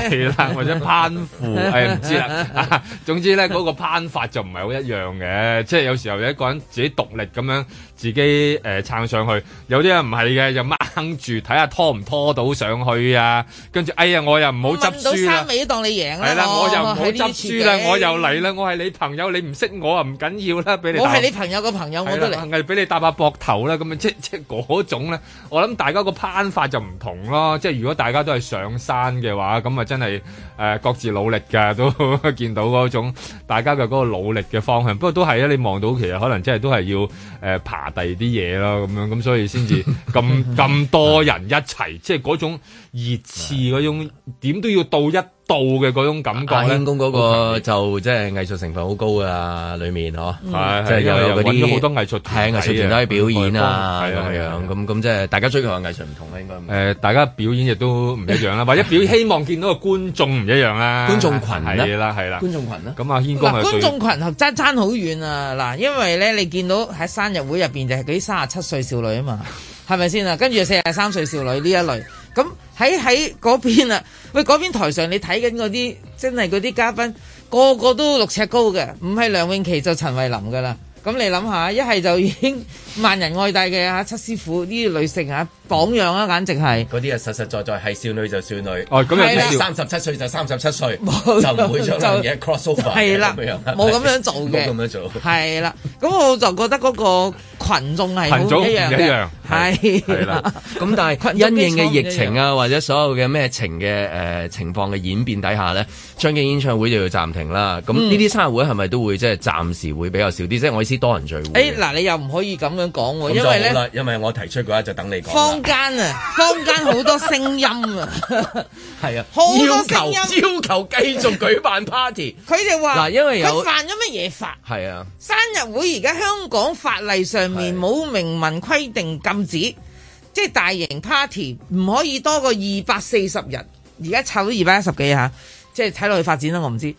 C: 或者攀附，誒 [laughs] 唔、哎、知啦。 [laughs] 總之咧，嗰、嗰個攀法就唔係好一樣嘅，即係有時候一個人自己獨立咁樣。自己誒、呃、撐上去，有啲人唔係嘅，就掹住睇下拖唔拖到上去啊！跟住哎呀，我又唔好執輸啦，唔到山
D: 尾都當你贏啦。係、哦、啦，我又唔好執輸啦，我又嚟
C: 啦，我係你朋友，嗯、你唔識我啊，唔緊要啦，俾你。我係你
D: 朋友個朋友，我都
C: 嚟。係俾你搭下膊頭啦，咁啊，即即嗰種咧，我諗大家個攀法就唔同咯。即係如果大家都係上山嘅話，咁啊真係誒、呃、各自努力㗎。都見到嗰種大家嘅嗰個努力嘅方向。不過都係啊，你望到其實可能真係都係要誒、呃、爬。第二啲嘢啦，咁樣咁，所以先至咁咁多人一齊， [laughs] 即係嗰種熱刺嗰種點都要到一。到嘅嗰種感覺謙公嗰個
A: 就即係藝術成分好高啊，裏面嗬，即、嗯、係、就是、有好、嗯嗯嗯嗯嗯就是、多藝術團藝術都去表演啊，係咁、啊啊、樣咁咁即係大家追求嘅藝術唔同啦、哎，應該誒、哎哎，大家表演亦都
C: 唔一樣啦、哎哎，或者表希望見到個觀眾唔、哎哎、一樣啦觀眾群啦，係啦，係啦，觀眾群啦、啊，咁阿謙公係觀眾
D: 群係爭爭好遠啊，嗱，因為咧你見到喺生日會入邊就係嗰啲三十七歲少女啊嘛，係咪先啊？跟住四廿三歲少女呢一類。咁喺喺嗰邊啊？喂，嗰邊台上你睇緊嗰啲真係嗰啲嘉賓，個個都六尺高嘅，唔係梁詠琪就陳慧琳噶啦。咁你諗下，一係就已經萬人愛戴嘅七師傅呢啲女性啊，榜樣啊，簡直係嗰啲係實實在在係
A: 少女就少女，係、哦、啦，三十七歲就三十七歲，就唔會做呢樣嘢 cross over，係啦，冇咁樣做嘅，冇咁樣
D: 做，咁係啦，咁我就覺得嗰個群眾係羣眾唔一樣嘅，係啦，咁 [laughs] 但係因應嘅疫情
A: 啊，或者所有嘅咩情嘅、呃、情況嘅演變底下呢，張敬軒演唱會就要暫停啦。咁呢啲生日會係咪都會即係暫時會比較少啲、嗯？即我意思。多人聚會，
D: 誒、哎，嗱，你又唔可以咁樣講喎，因為咧，bueno,
A: 因為我提出嘅話就等你講。坊
D: 間啊，坊間好多聲音啊，係啊，
A: 好多聲音要求繼續舉辦 party，
D: 佢哋話，嗱，因為佢犯咗乜嘢法？係啊，生日會而家香港法例上面冇明文規定禁止，即係大型 party 唔可以多過二百四十人，而家湊到二百一十幾吓，即係睇落去發展啦，我唔知。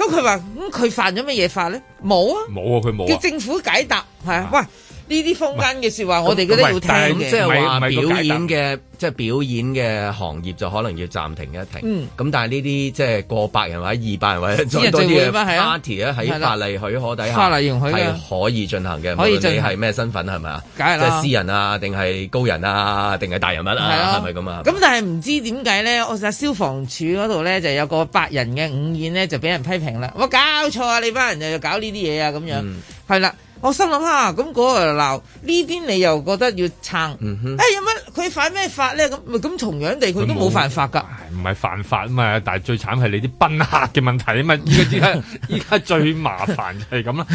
D: 咁佢話，咁佢犯咗乜嘢法咧？冇啊，
A: 冇啊，佢冇、啊。叫
D: 政府解答，係啊，啊，喂。呢啲坊間嘅說話，我哋覺得要聽嘅。即係話表演
A: 嘅，即係、那個、表演嘅、就是、行業就可能要暫停一停。咁、嗯、但係呢啲即係過百人或者二百人或者再多啲嘅 party 咧，喺法例許可底下可以，法例容許嘅可以進行嘅。你係咩身份？係咪啊？即係、就是、私人啊，定係高人啊，定係大人物啊？係咪咁啊？咁
D: 但係唔知點解咧？我喺消防處嗰度咧就有個百人嘅舞宴咧，就俾人批評啦。我搞錯啊！你班人又要搞呢啲嘢啊？咁樣係啦。嗯我心諗吓，咁嗰個鬧呢邊，那那邊邊，你又覺得要撐？誒、嗯，有乜佢犯咩法咧？咁咁同樣地，佢都冇犯
C: 法噶，唔係犯法啊嘛！但係最慘係你啲賓客嘅問題啊嘛！依家依家最麻煩係咁啦，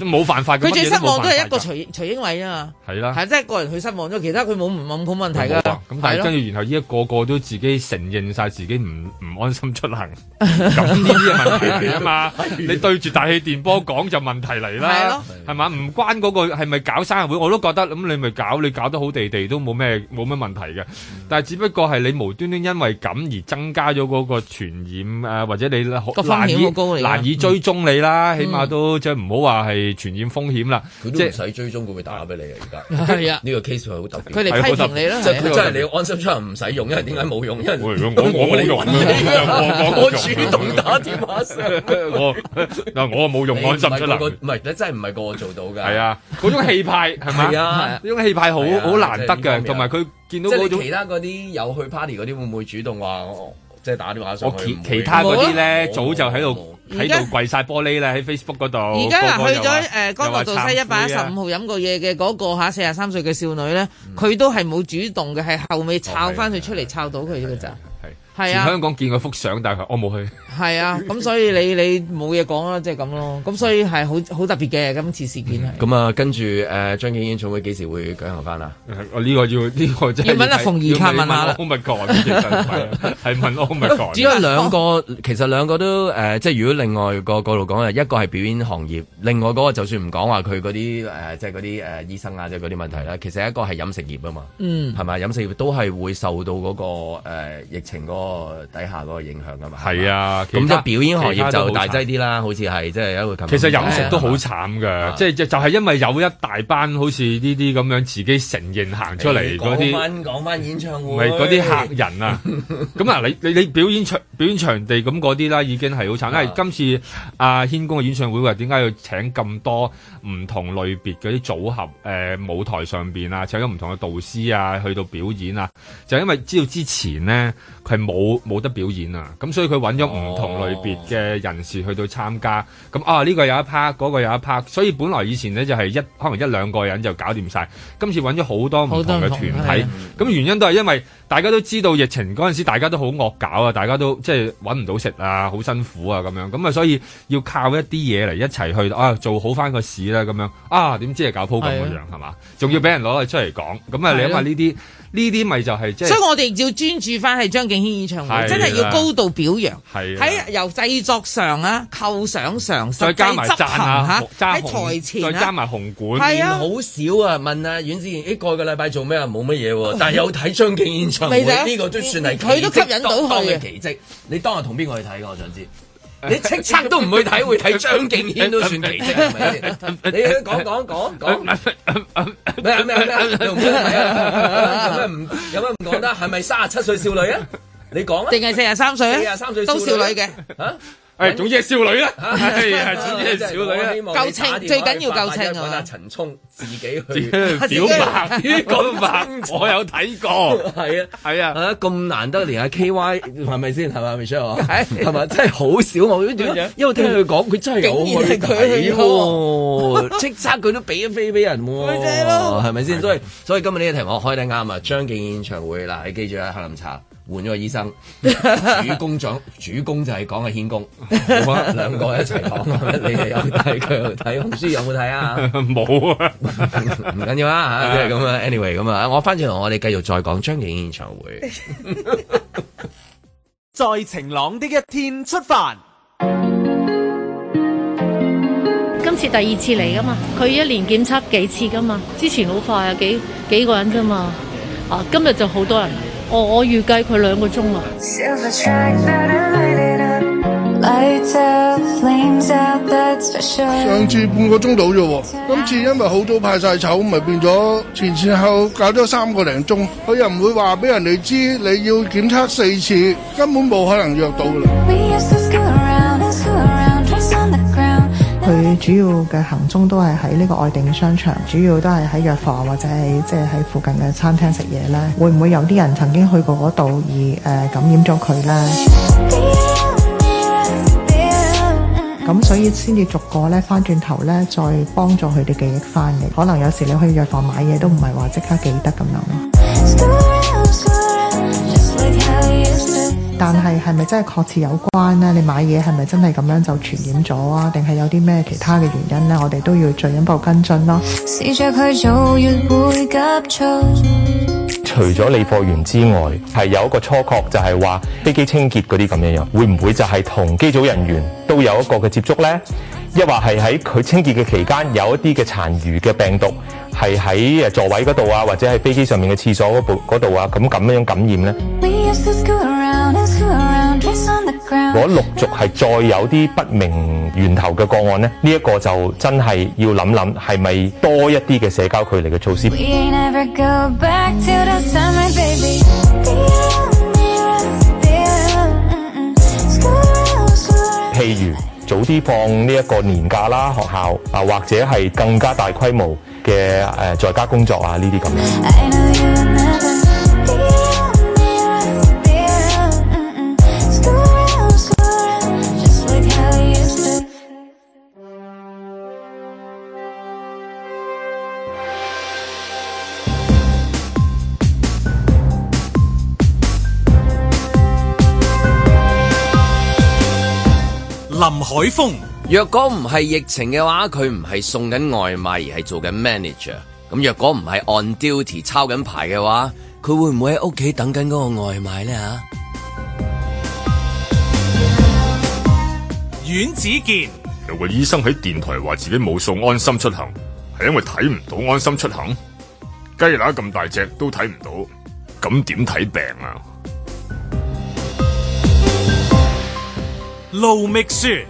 C: 冇 [laughs] 犯法。佢最失望都係一
D: 個徐徐英偉啊嘛，係啦、啊，係真係個人去失望咗，其他佢冇冇冇問題噶。咁、啊、但係跟住
C: 然後依家一個個都自己承認晒自己唔唔安心出行，咁呢啲問題嚟啊嘛！ [laughs] 你對住大氣電波講就問題嚟啦，係 [laughs] 嘛、啊？唔關嗰個係咪搞生日會，我都覺得咁你咪搞，你搞得好地地都冇咩冇咩問題嘅。但係只不過係你無端端因為咁而增加咗嗰個傳染誒，或者你難以難以追蹤你啦，起碼都即係唔好話係傳染風險啦。佢都唔使追蹤，會唔會打俾你啊？而家
A: 係啊，呢個 case 係好特別。佢嚟批評你啦，即係佢真係你安心出行唔使用，因為點解冇用？因為我我我冇呢個，我主動打電話。我
C: 嗱我啊冇用安心出行，
A: 唔係你真係唔係個我做。到 [laughs] 係啊，
C: 嗰種氣派
A: 係咪啊？是是啊，呢、啊、種氣派好好、啊、難得嘅，同埋佢見到嗰種其他嗰啲有去 party 嗰啲會唔會主動話，即、就、係、是、打電
D: 話上我其他嗰啲
C: 咧早就喺度喺度跪晒玻璃啦，喺 Facebook 嗰度。而家話去咗誒干諾道西一百一十五
D: 號飲過嘢嘅嗰個下四十三歲嘅少女咧，佢、嗯、都係冇主動嘅，係後尾抄翻佢出嚟抄到佢嘅咋。係係啊，啊啊啊啊啊啊香
A: 港見過幅相，但係我冇去。 [laughs]
D: 係 [laughs] 啊，咁所以你你冇嘢講啦，即係咁咯。咁所以係好好特別嘅今次事件。
A: 咁、嗯、啊、嗯，跟住誒、呃、張敬軒演唱會幾時會舉行翻啊？我、這、呢個要呢、這個真係要，要問阿馮二太問下。奧
C: 密克係問奧密克。只有、oh、
A: 兩個， [laughs] 其實兩個都誒、呃，即係如果另外個角度講一個係表演行業，另外嗰個就算唔講話佢嗰啲即係嗰啲醫生啊，即係嗰啲問題啦。其實一個係飲食業啊嘛，係、嗯、咪飲食業都係會受到嗰、那個、呃、疫情嗰個底下嗰個影響㗎嘛。係啊。咁即係表演行業就大劑啲啦，好似係即係一個其實飲食都好
C: 慘嘅，即係就係、是、因為有一大班好似呢啲咁樣自己承認行出嚟嗰啲
B: 講翻演唱會，唔係嗰啲客
C: 人啊，咁 [laughs] 啊你你你表演場表演場地咁嗰啲啦，已經係好慘。因為、啊、今次阿、啊、軒公嘅演唱會話點解要請咁多唔同類別嗰啲組合誒、呃、舞台上面啊請咗唔同嘅導師啊去到表演啊，就是、因為知道之前呢，佢冇冇得表演啊，咁所以佢揾咗同類別嘅人士去到參加，咁啊呢個有一 part，嗰個有一 part，所以本來以前呢，就係一可能一兩個人就搞掂晒。今次揾咗好多唔同嘅團體，咁原因都係因為。大家都知道疫情嗰陣時大，大家都好惡搞啊！大家都即係揾唔到食啊，好辛苦啊咁樣咁啊，所以要靠一啲嘢嚟一齊去啊，做好翻個市啦咁樣啊！點知係搞鋪咁嘅樣係嘛？仲要俾人攞嚟出嚟講咁啊！你諗下呢啲呢啲咪就係、是、即所以我
D: 哋要專注翻係張敬軒演唱會，啊、真係要高度表揚。係喺、啊啊、由製作上啊、構想上，上、啊、再加埋行嚇、啊，喺台前、啊、再加埋
A: 紅館，係啊，
D: 好少啊問
A: 啊，阮子賢呢個個禮拜做咩啊？冇乜嘢喎，但係有睇張敬軒。 [laughs] 場會呢個都算係佢都吸引到我嘅奇蹟。你當日同邊個去睇嘅？我想知，你叱咤都唔會睇，會睇張敬軒都算奇蹟。你講講講講咩啊？咩啊？有咩唔有咩唔講得？係咪三十七歲少女啊？你講啊？定係四十三歲啊？
D: 四十三歲都少女嘅
A: 啊？係、哎，總之係少女啦、啊，係、哎、係，之係少女啦。夠清，最緊要夠清啊！陳聰自己去表白表白，我有睇過，係啊係啊，咁難得，連阿 K Y 係咪先？係咪 Michelle？係咪真係好少？我點點因為聽佢講，佢真係好開，佢即刻佢都俾咗飛俾人喎，係咪先？所以所以今日呢個題目我開得啱啊，張敬演唱會嗱，你記住啦，黑林茶。換咗個醫生，主公長 [laughs] 主公就係講嘅軒公，好啊，兩個一齊講， [laughs] 你有睇佢睇紅書有冇睇啊？冇 [laughs] 有啊，唔 [laughs] 緊要啦吓，咁啊，anyway 咁啊，啊 anyway, 我翻轉頭我哋繼續再講張敬軒演唱會，
C: [laughs] [laughs] 在晴朗的一天出發 [music] ，
D: 今次第二次嚟噶嘛？佢一年檢測幾次噶嘛？之前好快啊，幾幾個人啫嘛？啊，今日就好多人。Oh, 我預計佢兩個鐘
A: 啊，
F: 上次半個鐘到啫喎，今次因為好早派晒籌，咪變咗前前後搞咗三個零鐘，佢又唔會話俾人哋知你要檢測四次，根本冇可能約到㗎啦。
D: 佢主要嘅行蹤都係喺呢個外定商場，主要都係喺藥房或者係即係喺附近嘅餐廳食嘢咧。會唔會有啲人曾經去過嗰度而誒
B: 感染咗佢咧？咁、嗯、所以先至逐個咧翻轉頭咧，再幫助佢哋記憶翻嚟。可能有時候你可以去藥房買
D: 嘢都唔係話即刻記得咁樣咯。嗯但係係咪真係確切有關呢？你買嘢係咪真係咁樣就傳染咗啊？定係有啲咩其他嘅原因呢？我哋都要進一步跟進咯。
B: 除咗理貨員之外，係有一個初確就
C: 係話飛機清潔嗰啲咁嘅樣，會唔會就係同機組人員都有一個嘅接觸呢？抑或係喺佢清潔嘅期間，有一啲嘅殘餘嘅病毒係喺座位嗰度啊，或者係飛機上面嘅廁所嗰部度啊，咁咁樣感染呢？如果陸續係再有啲不明源頭嘅個案呢，呢一個就真係要諗諗，係咪多一啲嘅社交距離嘅措施？
B: 譬如早啲放
C: 呢一個年假啦，學校，或者係更加大規模嘅在家工
E: 作啊，呢啲咁。
A: 林海峰，若果唔係疫情嘅話，佢唔係送緊外賣而係做緊 manager。咁若果唔係 on duty 抄緊牌嘅話，佢會唔會喺屋企等緊嗰個外賣咧？吓，阮子健，
C: 有個醫生喺電台話自己冇送安心出行，係因為睇唔到安心出行。雞乸咁大隻都睇唔到，咁點睇病啊？
D: 盧覓雪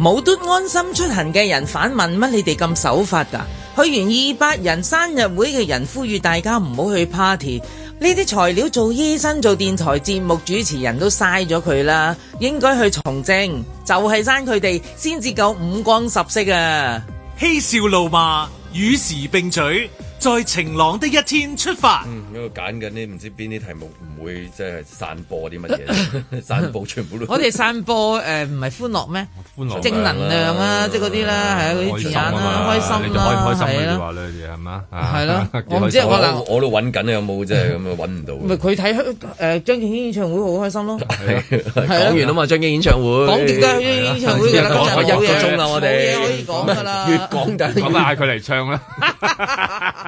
D: 冇端安心出行嘅人反問乜？你哋咁守法噶？去完二百人生日會嘅人呼籲大家唔好去 party，呢啲材料做醫生、做電台節目主持人都嘥咗佢啦，應該去從政，就係生佢哋先至夠五光十色
A: 啊！嬉笑怒罵與時並舉。在晴朗的一天出發。嗯，喺度揀緊啲唔知邊啲題目，唔會即係散播啲乜嘢，
D: [laughs] 散播全部。都。 [laughs] 我哋散播誒唔係歡樂咩？歡樂正能量啊，即嗰啲啦，係啊，嗰啲字眼啦，開心啦、啊，係咯、啊啊啊啊
A: 啊啊啊啊。我唔知。我能我，我都揾緊有冇即係咁啊揾唔到。
D: 咪佢睇香誒張敬軒演唱會好開心咯、啊。
A: 係 [laughs] 講是、啊、 [laughs] 完啊了嘛， [laughs] [laughs] 張敬軒演唱會。講點解佢演唱會覺得就係冇嘢可以講㗎啦。越講緊咁啊，嗌佢嚟唱啦。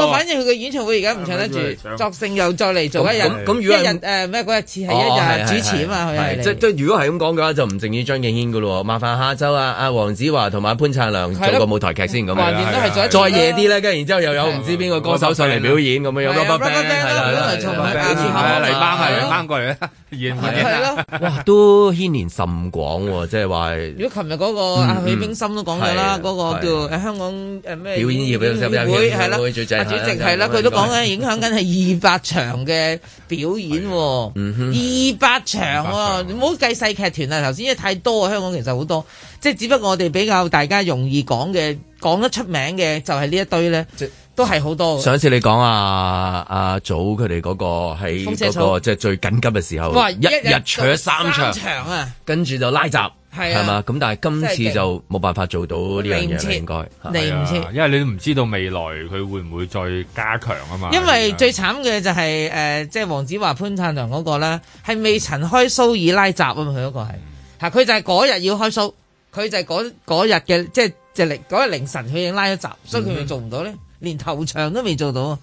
D: [laughs] 反正佢嘅演唱會而家唔唱得住，作興又再嚟做一日，人誒咩嗰係一日主持啊嘛佢。即、
A: 哦、如果係咁講嘅話，就唔止於張敬軒噶咯。麻煩下周啊阿黃子華同埋潘燦良做個舞台劇先咁樣。是都是做一是是再夜啲跟住然之後又有唔知邊個歌手上嚟表演咁樣，有冇？係咯係
D: 咯，錯、啊、埋。黎巴係咯，翻
A: 過嚟啦。係、啊、咯，都牽連甚廣喎，即係話。如
D: 果琴日嗰個阿許冰心都講咗啦，嗰個叫香港咩？表演業唔會，係啦。主席係啦，佢都講緊，影響緊係二百場嘅表演喎。二 [laughs] 百、哦、場喎，你唔好計細劇團啦。頭先因為太多啊，香港其實好多。即係只不過我哋比較大家容易講嘅，講得出名嘅就係呢一堆咧，都係好多。上
A: 一次你講阿、啊、阿、啊、祖佢哋嗰個喺嗰即係最緊急嘅時候，哇！一日咗三、三場啊，跟住就拉閘。係嘛？咁、啊、但係今次就冇辦法做到呢啲嘢，應該、啊、你唔知、啊，因為你唔知道未
C: 來佢會唔會再加強啊嘛。因為、
D: 啊、最慘嘅就係、是、誒，即、呃、係、就是、黃子華潘燦良嗰、那個咧，係未曾開 show 已拉閘啊嘛，佢嗰個係，佢、嗯、就係嗰日要開 show，佢就係嗰嗰日嘅即係就嚟嗰日凌晨佢已經拉咗閘，所以佢咪做唔到咧、嗯，連頭場都未做到。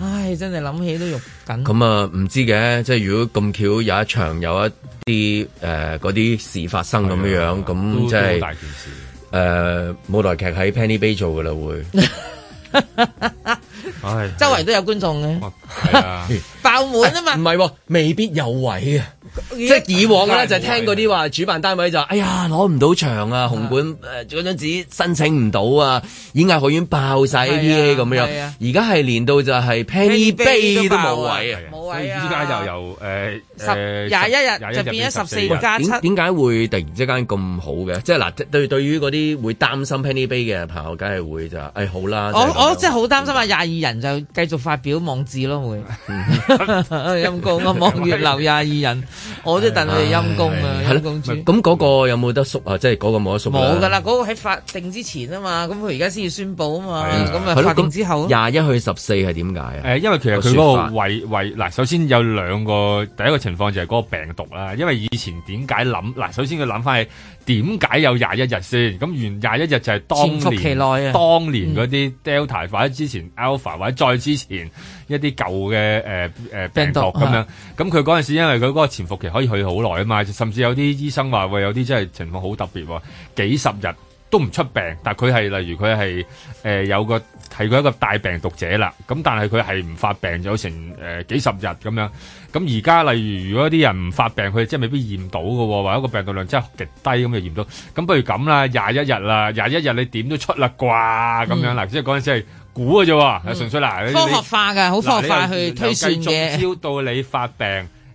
D: 唉，真係諗起都肉緊。咁
A: 啊，唔知嘅，即係如果咁巧有一場有一啲誒嗰啲事發生咁樣樣，咁就係大件事，誒舞台劇喺 Penny Bay 做㗎啦，會。 [laughs] 唉，周
D: 圍都有觀眾嘅， [laughs] 爆滿啊嘛。唔、哎、
A: 係、啊，未必有位啊。即係以往咧，就聽嗰啲話主辦單位就哎呀，攞唔到場啊，紅館嗰張紙申請唔到啊,演藝學院爆晒啲咁樣。而家係連到就係 Penny Bay 都冇位、位啊，冇位啊，
G: 而
C: 家就
A: 由誒誒廿一日就變咗十四加七，點解會突然之間咁好嘅？即係嗱，對、對於嗰啲會擔心 Penny Bay 嘅朋友，梗係會、哎、就誒好啦。我我
D: 真係好擔心啊！廿二人就繼續發表網誌咯， [laughs] 會陰公我網月留廿二人。我都戥佢陰公啊！係公
A: 主。咁嗰個有冇得縮啊？即係嗰個冇得縮。冇㗎啦，嗰
D: 個喺法定之前啊嘛。咁佢而家先至宣佈啊嘛。咁啊，法定
C: 之後廿一去十四係點解啊？誒，因為其實佢嗰個位位嗱，首先有兩個，第一個情況就係嗰個病毒啦。因為以前點解諗嗱，首先佢諗翻係。點解有廿一日先？咁原廿一日就係當年、嗯、當年嗰啲 Delta 或者之前 Alpha 或者再之前一啲舊嘅誒誒病毒咁樣，咁佢嗰陣時因為佢嗰個潛伏期可以去好耐啊嘛，甚至有啲醫生話喂、哎、有啲真係情況好特別，幾十日。都唔出病，但佢係例如佢係誒有個係佢一個大病毒者啦，咁但係佢係唔發病咗成誒、呃、幾十日咁樣，咁而家例如如果啲人唔發病，佢真係未必驗到喎，話一個病毒量真係極低咁就驗到，咁不如咁啦，廿一日啦，廿一日你點都出啦啩咁樣啦，即係嗰陣時係估嘅啫，純、嗯、粹啦，科學化
D: 㗎，好科學化去推算嘅。招
C: 到你發病。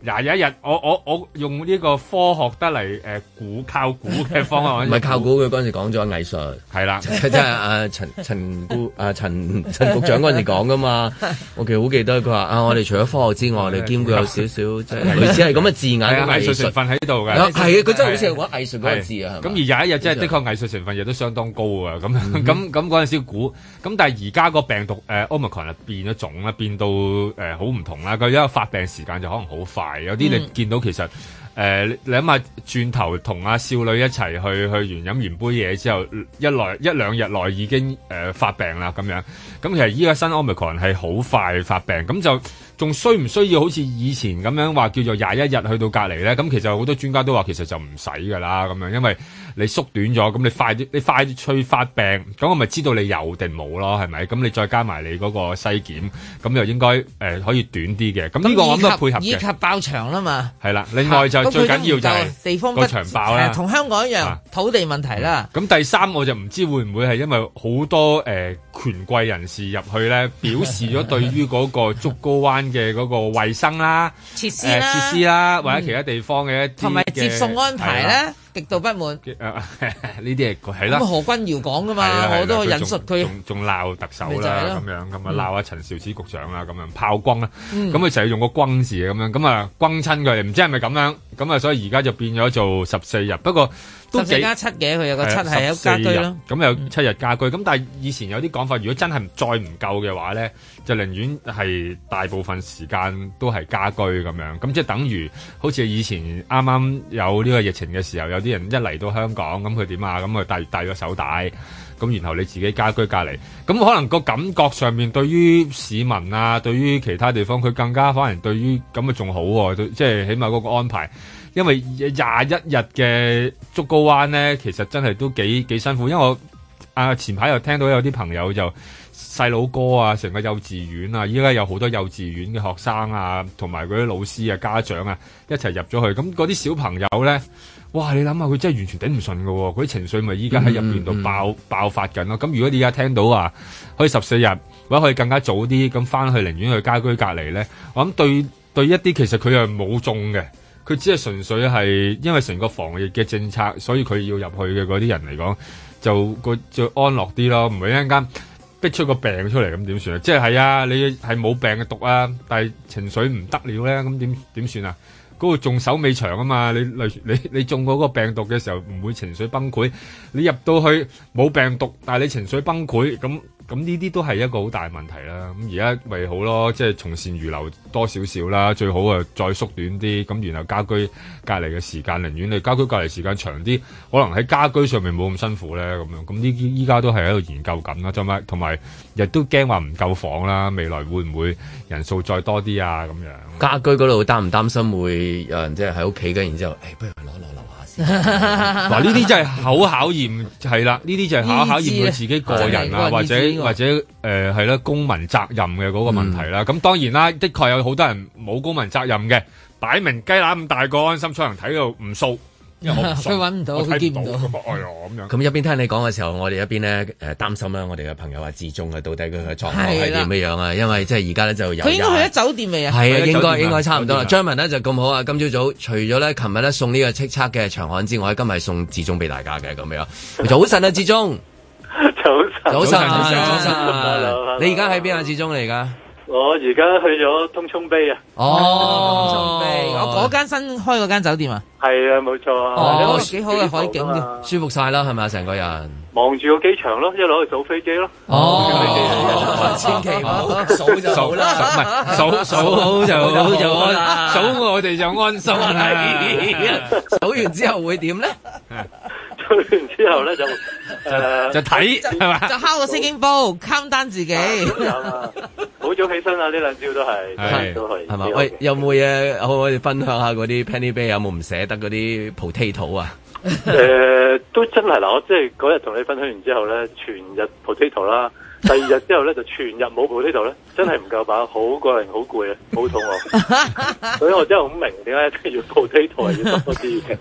C: 廿、啊、有一日，我我我用呢個科學得嚟誒估靠估嘅方案，唔係靠估
A: 佢嗰陣時講咗藝術，係啦、就是，即係阿陳陳顧阿陳局長嗰陣時講噶嘛，我其實好記得佢話啊，我哋除咗科學之外，你兼顧有少少即係類似係咁嘅字眼啊，藝術成分喺度嘅，係啊，佢真係好似講藝術嗰個字啊，咁而廿一日即係的
C: 確藝術成分亦都相當高啊，咁咁咁嗰陣時估，咁但係而家個病毒 Omicron 變咗種啦，變到誒好唔同啦，佢一個發病時間就可能好快。有啲你見到其實，誒、嗯呃、你諗下轉頭同阿少女一齊去去完飲完杯嘢之後，一來一兩日內已經誒、呃、發病啦咁樣。咁其實依家新 Omicron 係好快發病，咁就仲需唔需要好似以前咁樣話叫做廿一日去到隔離咧？咁其實好多專家都話其實就唔使㗎喇咁樣，因為，你縮短咗，咁你快啲，你快啲催發病，咁我咪知道你有定冇咯，係咪？咁你再加埋你嗰個篩檢，咁又應該誒、呃、可以短啲嘅。咁呢個我都配合嘅。以及
D: 爆場啦嘛。
C: 係啦，另外就都都最緊要就係、是、地方不。誒、嗰個場爆啦，同香
D: 港一樣、啊、土地問題啦。
C: 咁、嗯、第三我就唔知會唔會係因為好多誒、呃、權貴人士入去咧， [laughs] 表示咗對於嗰個竹篙灣嘅嗰個衞生啦、
D: 設施啦，呃、設施啦嗯、或者其他地
C: 方嘅一啲接送安排咧。呢極度不滿，呢啲係係啦。咁何君
D: 堯講㗎嘛，我都引述佢仲
C: 仲鬧特首啦，咁樣咁啊鬧阿陳肇始局長啊，咁樣炮轟啦，咁佢成日用個轟字咁樣咁啊轟親佢，唔知係咪咁樣咁啊？所以而家就變咗做十四日，不過，十四加七
D: 嘅，佢有個七係有家居
C: 咯。咁、嗯、有七日家居，咁但係以前有啲講法，如果真係再唔夠嘅話咧，就寧願係大部分時間都係家居咁樣。咁即係等於好似以前啱啱有呢個疫情嘅時候，有啲人一嚟到香港，咁佢點啊？咁佢戴戴咗手帶，咁然後你自己家居隔離。咁可能個感覺上面對於市民啊，對於其他地方，佢更加反而對於咁啊仲好。即係、就是、起碼嗰個安排。因為廿一日嘅竹篙灣咧，其實真係都幾幾辛苦。因為我啊，前排又聽到有啲朋友就細佬哥啊，成個幼稚園啊，依家有好多幼稚園嘅學生啊，同埋嗰啲老師啊、家長啊一齊入咗去。咁嗰啲小朋友咧，哇！你諗下，佢真係完全頂唔順喎。佢啲情緒咪依家喺入邊度爆、嗯嗯、爆發緊咯、啊。咁如果你而家聽到啊，可以十四日或者可以更加早啲咁翻去，寧願去家居隔離咧。我諗對對一啲其實佢係冇中嘅。佢只係純粹係因為成個防疫嘅政策，所以佢要入去嘅嗰啲人嚟講，就個就安樂啲咯，唔會一陣間逼出個病出嚟咁點算啊？即係係啊，你係冇病嘅毒啊，但係情緒唔得了咧，咁點點算啊？嗰個仲手尾長啊嘛，你例如你你中嗰個病毒嘅時候唔會情緒崩潰，你入到去冇病毒，但係你情緒崩潰咁。咁呢啲都係一個好大問題啦。咁而家咪好咯，即係從善如流多少少啦。最好啊，再縮短啲。咁然後家居隔離嘅時間，寧願你家居隔離時間長啲，可能喺家居上面冇咁辛苦咧。咁樣咁呢啲依家都係喺度研究緊啦。同埋亦都驚話唔夠房啦。未來會唔會人數再多啲啊？咁樣家居嗰度擔
A: 唔擔心會有人即係喺屋企嘅？然之後，誒、哎，不如攞攞
G: 攞。嗱， [laughs] 呢
A: 啲真係好考驗，係啦，呢啲就係考考驗佢自己個人啊，或者或者誒
C: 係啦，公民責任嘅嗰個問題啦。咁、嗯、當然啦，的確有好多人冇公民責任嘅，
A: 擺明雞乸咁大個安心出行睇都唔掃。
D: 佢揾唔到，佢見唔到。哎呀，
A: 咁樣。咁一邊聽你講嘅時候，我哋一邊咧誒、呃、擔心啦。我哋嘅朋友阿志忠啊，到底佢嘅狀況係點樣啊？因為即係而家咧就有。佢應該去咗
D: 酒店未啊？係啊，應該應該差唔多啦。
A: 張文呢就咁好啊！今朝早除咗咧，琴日咧送呢個叱咤嘅場刊之外，今日送志忠俾大家嘅咁樣。早晨啊，志 [laughs] 忠。早晨。早晨。早晨。早晨！早晨
D: 你而家喺邊啊？志忠嚟噶。
A: 我而家去咗東涌碑啊！哦，嗯
D: 嗯嗯嗯、我嗰間新開嗰間酒店啊，
B: 係、哦、啊，冇錯啊，幾好嘅海
D: 景，
A: 舒服晒啦，係咪啊？成個人
B: 望住個機場咯，一路去數飛機咯，哦，飛機
D: 飛機千祈唔、哦、好數就數啦，唔數數好就數我哋就安心
C: 啦，數 [laughs] 完之後會點咧？
D: 數完之後咧就誒
A: 就睇係嘛，
D: 就敲個水晶煲 calm down 自己。
B: 早起身啦！呢兩
A: 朝都係，都係係嘛？喂，有冇嘢可唔可以分享下嗰啲 Penny Bay 有冇唔捨得嗰啲 potato 啊？
B: 誒、呃，都真係嗱，我即係嗰日同你分享完之後咧，全日 potato 啦，第二日之後咧 [laughs] 就全日冇 potato 咧，真係唔夠飽，好過零，好攰啊，好肚餓啊！ [laughs] 所以我真係好明點解即係要 potato 係要多啲嘅，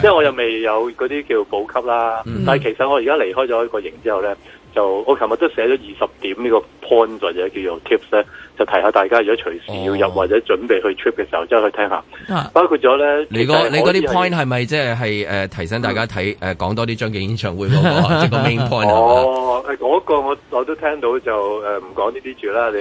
B: 即 [laughs] 為我又未有嗰啲叫補給啦。嗯、但係其實我而家離開咗呢個營之後咧。就我琴日都寫咗二十點呢個 point 或者叫做 tips 咧，就提下大家如果隨時要入或者準備去 trip 嘅時候，即、哦、係去聽下。包括咗咧，你嗰你嗰啲 point 係
A: 咪即係係提醒大家睇講、 [laughs] 呃、多啲張敬演唱會嗰、那個即 [laughs] 個 main point 啊？
B: 哦，嗰、那個我我都聽到就唔講呢啲住啦。你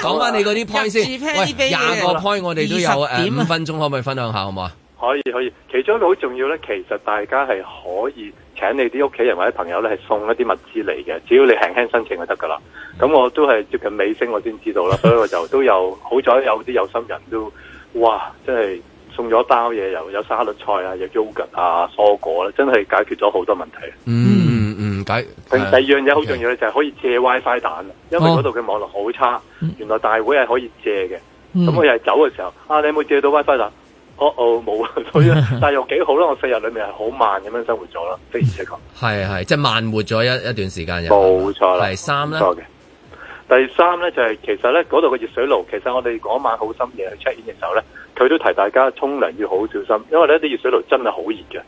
B: 講返翻你嗰啲 point 先。
A: 喂，廿個 point 我哋都有五、呃、分鐘可唔可以分享下好唔好
B: 啊？可以可以。其中一個好重要咧，其實大家係可以。請你啲屋企人或者朋友咧，係送一啲物資嚟嘅，只要你輕輕申請就得㗎啦。咁我都係接近尾聲，我先知道啦， [laughs] 所以我就都有好彩，有啲有心人都，哇！真係送咗包嘢，又有沙律菜啊，有 yogurt 啊，蔬果啦，真係解決咗好多問題。嗯嗯，
G: 解，解第二
B: 樣嘢好重要咧，Okay. 就係可以借 WiFi 蛋，因為嗰度嘅網絡好差。Oh. 原來大會係可以借嘅，咁、嗯、我係走嘅時候，啊，你有冇借到 WiFi 蛋？哦哦，冇啊，所以但係又幾好啦，我四日裏面係好慢咁樣生活咗啦，的而且確。
A: 係係，即係慢活咗一一段時間有。冇錯啦。第三咧，錯嘅。
B: 第三咧就係、是、其實咧嗰度嘅熱水爐，其實我哋嗰晚好深夜去 check in 嘅時候咧，佢都提大家沖涼要好好小心，因為呢啲熱水爐真係好熱嘅。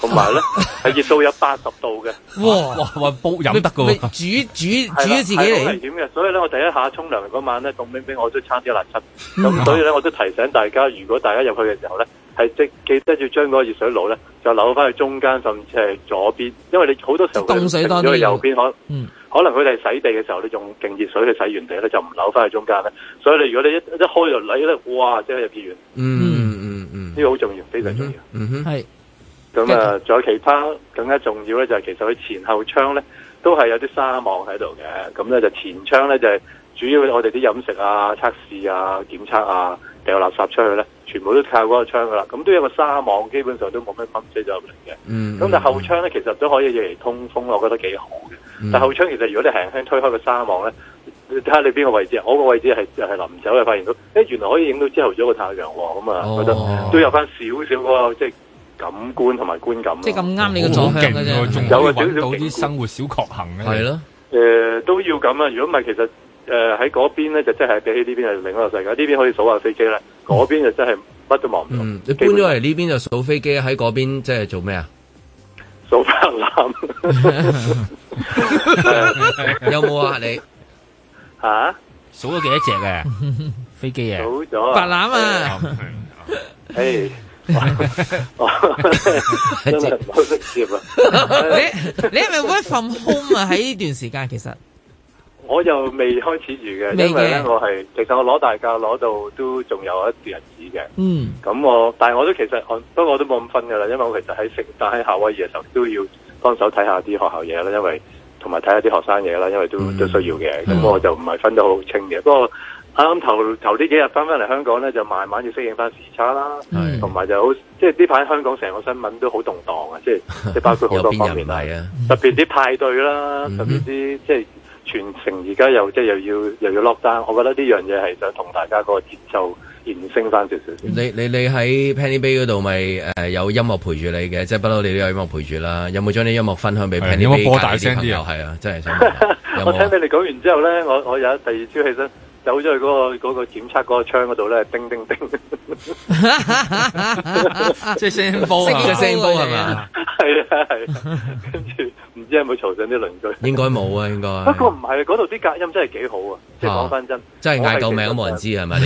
B: 同埋咧，係熱到有八十度嘅，哇！哇，煲飲都得噶喎，煮煮煮咗自己危險嘅？所以咧，我第一下沖涼嗰晚咧，凍冰冰，我都差啲辣親。咁 [laughs] 所以咧，我都提醒大家，如果大家入去嘅時候咧，係即記，記得要將嗰個熱水爐咧，就扭翻去中間，甚至係左邊，因為你好多時候凍咗右邊可、嗯，可能佢哋洗地嘅時候你用勁熱水你洗完地咧，就唔扭翻去中間咧。所以你如果你一一開就嚟咧，哇！即係入醫院，嗯嗯嗯，呢、嗯這個好重要、嗯，非常重要，嗯哼，係。咁啊，仲有其他更加重要咧，就係其實佢前後窗咧都係有啲紗網喺度嘅。咁咧就前窗咧就係主要我哋啲飲食啊、測試啊、檢測啊、掉垃圾出去咧，全部都靠嗰個窗噶啦。咁都有個紗網，基本上都冇咩昆飛咗入嚟嘅。咁、mm -hmm。但後窗咧，其實都可以用嚟通風，我覺得幾好嘅。Mm -hmm。但後窗其實如果你輕輕推開個紗網咧，睇下你邊個位置啊？我個位置係係臨走嘅發現到，誒、欸，原來可以影到朝頭早個太陽喎。咁、oh。啊，覺得都有翻少少個即係。感官
D: 同埋觀感，即係咁啱你嘅左向嘅啫。仲有啊，揾到啲生活小確幸啊，係咯，
B: 誒都要咁啊！如果唔係，其實誒喺嗰邊咧就真係比起呢邊係另一個世界。呢邊可以數下飛機咧，嗰邊
A: 就真係乜都望唔到。你搬咗嚟呢邊就數飛機，喺嗰邊即係做咩啊？
B: 數白
A: 欖，有冇啊你？
C: 吓數咗幾多隻嘅飛機啊？數咗白欖啊？
G: 係。因為冇
B: 識接
D: 啦，你你係咪 work from home 啊？喺呢段時間其實
B: 我又未開始住嘅，因為咧我係其實我攞大假攞到都仲有一段日子嘅。嗯，咁我但係我都其實我不過我都冇咁分噶啦，因為我其實喺食但喺夏威夷嘅時候都要幫手睇下啲學校嘢啦，因為同埋睇下啲學生嘢啦，因為都、嗯、都需要嘅，咁我就唔係分得好清嘅，嗯，不過。啱啱頭頭呢幾日翻翻嚟香港咧，就慢慢要適應翻時差啦，同埋就好，即係呢排香港成個新聞都好動蕩啊！即係即係包括好多 [laughs] 方面啊，特別啲派對啦， [laughs] 特別啲即係全程而家又即係又要又要 lock down 我覺得呢樣嘢係想同大家個節奏延伸
A: 翻少少。你你你喺 Penny Bay 嗰度咪誒有音樂陪住你嘅，即係不嬲你都有音樂陪住啦。有冇將啲音樂分享俾 Penny Bay 朋友？有冇播大聲啲？又係啊，真係！ [laughs] 我聽你
B: 哋講完之後咧，我我有第二朝起身。走咗去嗰、嗰個嗰、嗰個檢測嗰個窗嗰度咧，叮叮叮 [laughs]
A: [laughs] [laughs] 即係聲波啊，聲波係嘛？係係，跟
B: 住唔知係咪嘈醒啲鄰居？
A: 應該冇啊，應該。 [laughs] 不過
B: 唔係啊，嗰度啲隔音真係幾好啊，即係講翻真。
A: 真係嗌救命都冇人，人知係咪？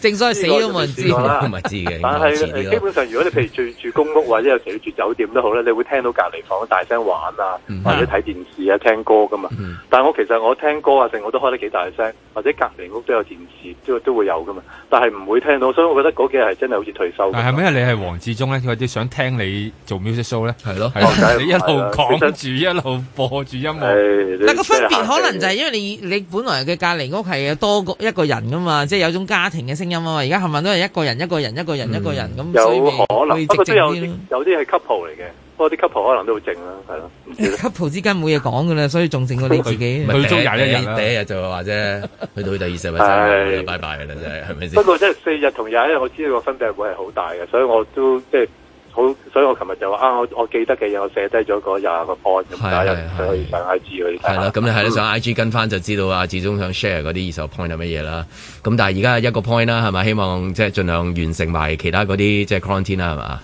B: [laughs] 正所謂以死都 [laughs] 冇人知啦。都唔係知嘅。但 [laughs] 係基本上，如果你譬如住住公屋或者有時住酒店都好啦、嗯，你會聽到隔離房大聲玩啊、嗯，或者睇電視啊、聽歌噶嘛。嗯、但係我其實我聽歌啊，成我都開得幾大聲。或者隔籬屋都有電視，都都會有噶嘛，但係唔會聽到，所以我覺得嗰幾日係真係好似退休的。但
C: 係係咪你係黃志忠咧？或者想聽你做 music show 咧？係咯， [laughs] 咯，你一路講
B: 住，一路播住音樂，哎。
C: 但個分別可能就
D: 係因為你你本來嘅隔籬屋係有多過一個人噶嘛，即係有種家庭嘅聲音啊嘛。而家冚唪唥都係一個人一個人一個人、嗯、一個人咁，所以有可能即係有
B: 啲有啲係 couple
A: 嚟嘅。嗰啲
D: couple 可能都好靜啦，係咯。couple 之間冇嘢講嘅啦，所以仲勝過你自己。去中廿一日，第一日、啊、就話啫，去到第二十日或 [laughs] [laughs] 拜
A: 拜㗎啦，真係。 [laughs] 不過即、就、係、是、四日同廿一日，我知道個分別會會係好大嘅，所以我都即係好，所以我琴日就
B: 話啊，我我記得嘅嘢，我寫低咗個廿個 point 咁解啦，可以大家知佢。係啦，咁你喺上 IG, 看看、
A: 嗯、想 IG 跟翻就知道啊。始終想 share 嗰啲二手 point 有乜嘢啦。咁但係而家一個 point 啦，係咪希望即係儘量完成埋其他嗰啲即係 content 啦，係嘛？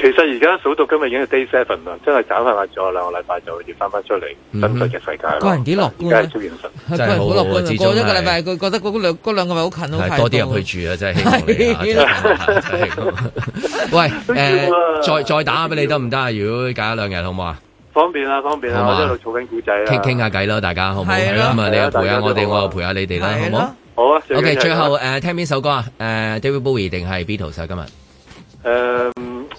A: 其實而家數到今日已經係 Day Seven 啦，真係眨下眼咗兩個禮拜就跌翻翻出嚟，等待嘅
D: 世界。過完幾耐，而家係捉現實。過完幾耐，過咗個禮拜，佢覺得嗰兩嗰
A: 兩個咪好近好近。多啲入去
D: 住啊，真係。喂，誒，
A: 再再打下俾你得唔得啊？如果隔兩日好唔好啊？方便
G: 啊，方便啊，我喺度草根古仔啊，傾傾下
A: 偈咯，大家好唔好啊？咁啊，你又陪下我哋，我又陪下你哋啦，好唔好？好啊。OK，最後誒，聽邊首歌啊？誒，David Bowie 定係 Beatles 啊？今日誒。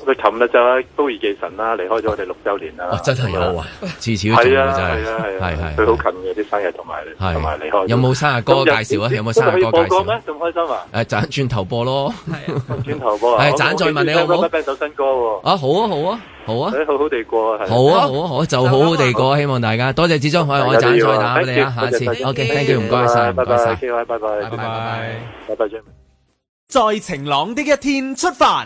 B: 佢冚啦咋，都易記神啦，離開咗我哋六周年啦。真係有啊，次次都見面真係。係啊係啊係啊，佢好近嘅啲生日同
A: 埋同埋離開。有冇生日歌介紹啊？有冇生日歌介紹？播歌咩？
B: 咁
A: 開心啊？誒，盞轉頭播咯。
B: 轉頭播。誒，盞再問你好唔好？咩首新歌
A: 喎？啊好啊好啊好啊。誒，
G: 好好地過係。好啊好啊好就
A: 好好地過，希望大家多謝子張海，我盞再打畀你
B: 啊，下次。O K，thank you 唔該晒，唔該晒，千萬拜拜，拜拜，拜拜，再見。
D: 在晴朗的一天出發。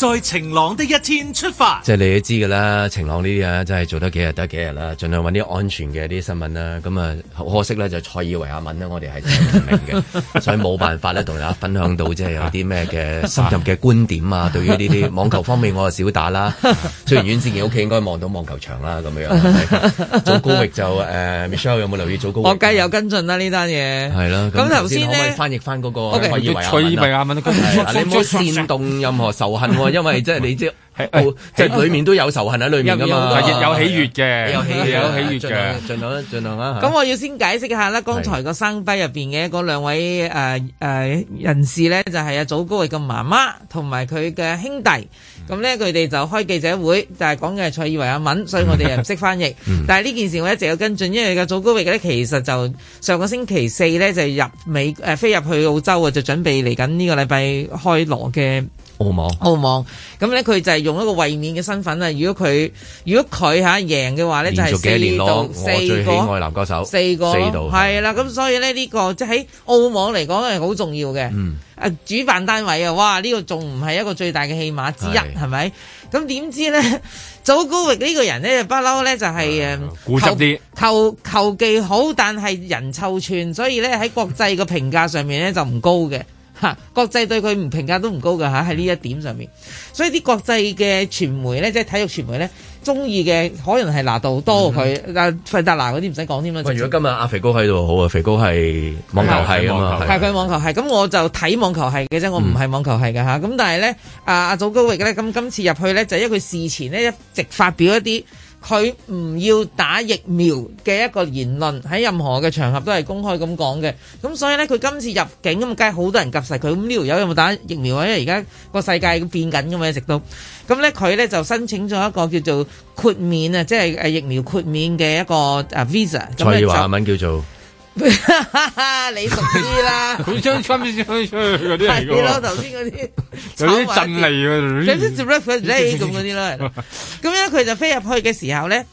B: 在晴朗的一天出發，
A: 即係你都知㗎啦。晴朗呢啲啊，真係做得幾日得幾日啦，儘量搵啲安全嘅啲新聞啦。咁啊，可惜咧就塞爾維亞文呢，我哋係唔明嘅， [laughs] 所以冇辦法咧同大家分享到即係、就是、有啲咩嘅深入嘅觀點啊。 [laughs] 對於呢啲網球方面，我就少打啦。 [laughs] 雖然阮志賢屋企應該望到網球場啦，咁樣樣祖 [laughs] 高域就誒、呃、Michelle 有冇留意祖高域？我梗
D: 係有跟進啦呢單嘢。係 [laughs] 啦，咁頭先咧翻譯翻、那、嗰個塞爾、那個、維
A: 亞文，okay. 亞 [laughs] 對 [laughs] 你唔好煽動任何仇恨 [laughs] [laughs] 因為即係 [laughs] 你知，係，即係裏面都有仇恨喺裏面噶嘛，亦有喜悅嘅，有喜悅，有喜悅嘅，盡量盡量啦。咁 [laughs] 我
D: 要先解釋下啦。剛才個聲帶入邊嘅嗰兩位誒誒、呃呃、人士咧，就係、是、阿祖高域嘅媽媽同埋佢嘅兄弟。咁、嗯、咧，佢哋就開記者會，但係講嘅係塞爾維亞文，所以我哋又唔識翻譯。嗯、 [laughs] 但係呢件事我一直有跟進，因為嘅祖高域咧，其實就上個星期四咧就入美誒、呃，飛入去澳洲啊，就準備嚟緊呢個禮拜開鑼嘅。澳網，澳網，咁咧佢就係用一個衛冕嘅身份啊！如果佢，如果佢吓贏嘅話咧，連續幾多年度，我最喜愛男歌手，四個，係啦，咁所以咧、這、呢個即喺澳網嚟講係好重要嘅，嗯，主辦單位啊，哇！呢、這個仲唔係一個最大嘅戲碼之一，係咪？咁點知咧，祖高域呢個人咧、就是，不嬲咧就係誒，固執啲，球球技好，但係人臭串，所以咧喺國際嘅評價上面咧就唔高嘅。嚇，國際對佢唔評價都唔高嘅嚇，喺呢一點上面，所以啲國際嘅傳媒咧，即係體育傳媒咧，中意嘅可能係拿度多佢，但、嗯、係、啊、費達拿嗰啲唔使講添啦。咁如果今日阿
A: 肥高喺度，好啊，肥高係網球係、嗯、啊，係佢
D: 網球係，咁我就睇網球係嘅啫，我唔係網球係嘅嚇。咁但係咧，阿阿祖高域咧，咁今次入去咧就因為佢事前咧一直發表一啲。佢唔要打疫苗嘅一個言論喺任何嘅場合都係公開咁講嘅，咁所以咧佢今次入境咁，梗係好多人及實佢咁呢條友有冇打疫苗啊？因為而家個世界咁變緊嘅嘛，直到咁咧佢咧就申請咗一個叫做豁免啊，即係誒疫苗豁免嘅一個誒 visa 蔡。蔡意華文叫做。 [laughs] 你
A: 熟
G: 啲知啦 [laughs] 想出， [laughs] 佢將今日先去吹嗰啲嚟嘅，係你頭先嗰啲， [laughs] 有啲震脷嘅，有啲做乜鬼你
D: 咁嗰啲啦？咁樣佢就飛入去嘅時候咧，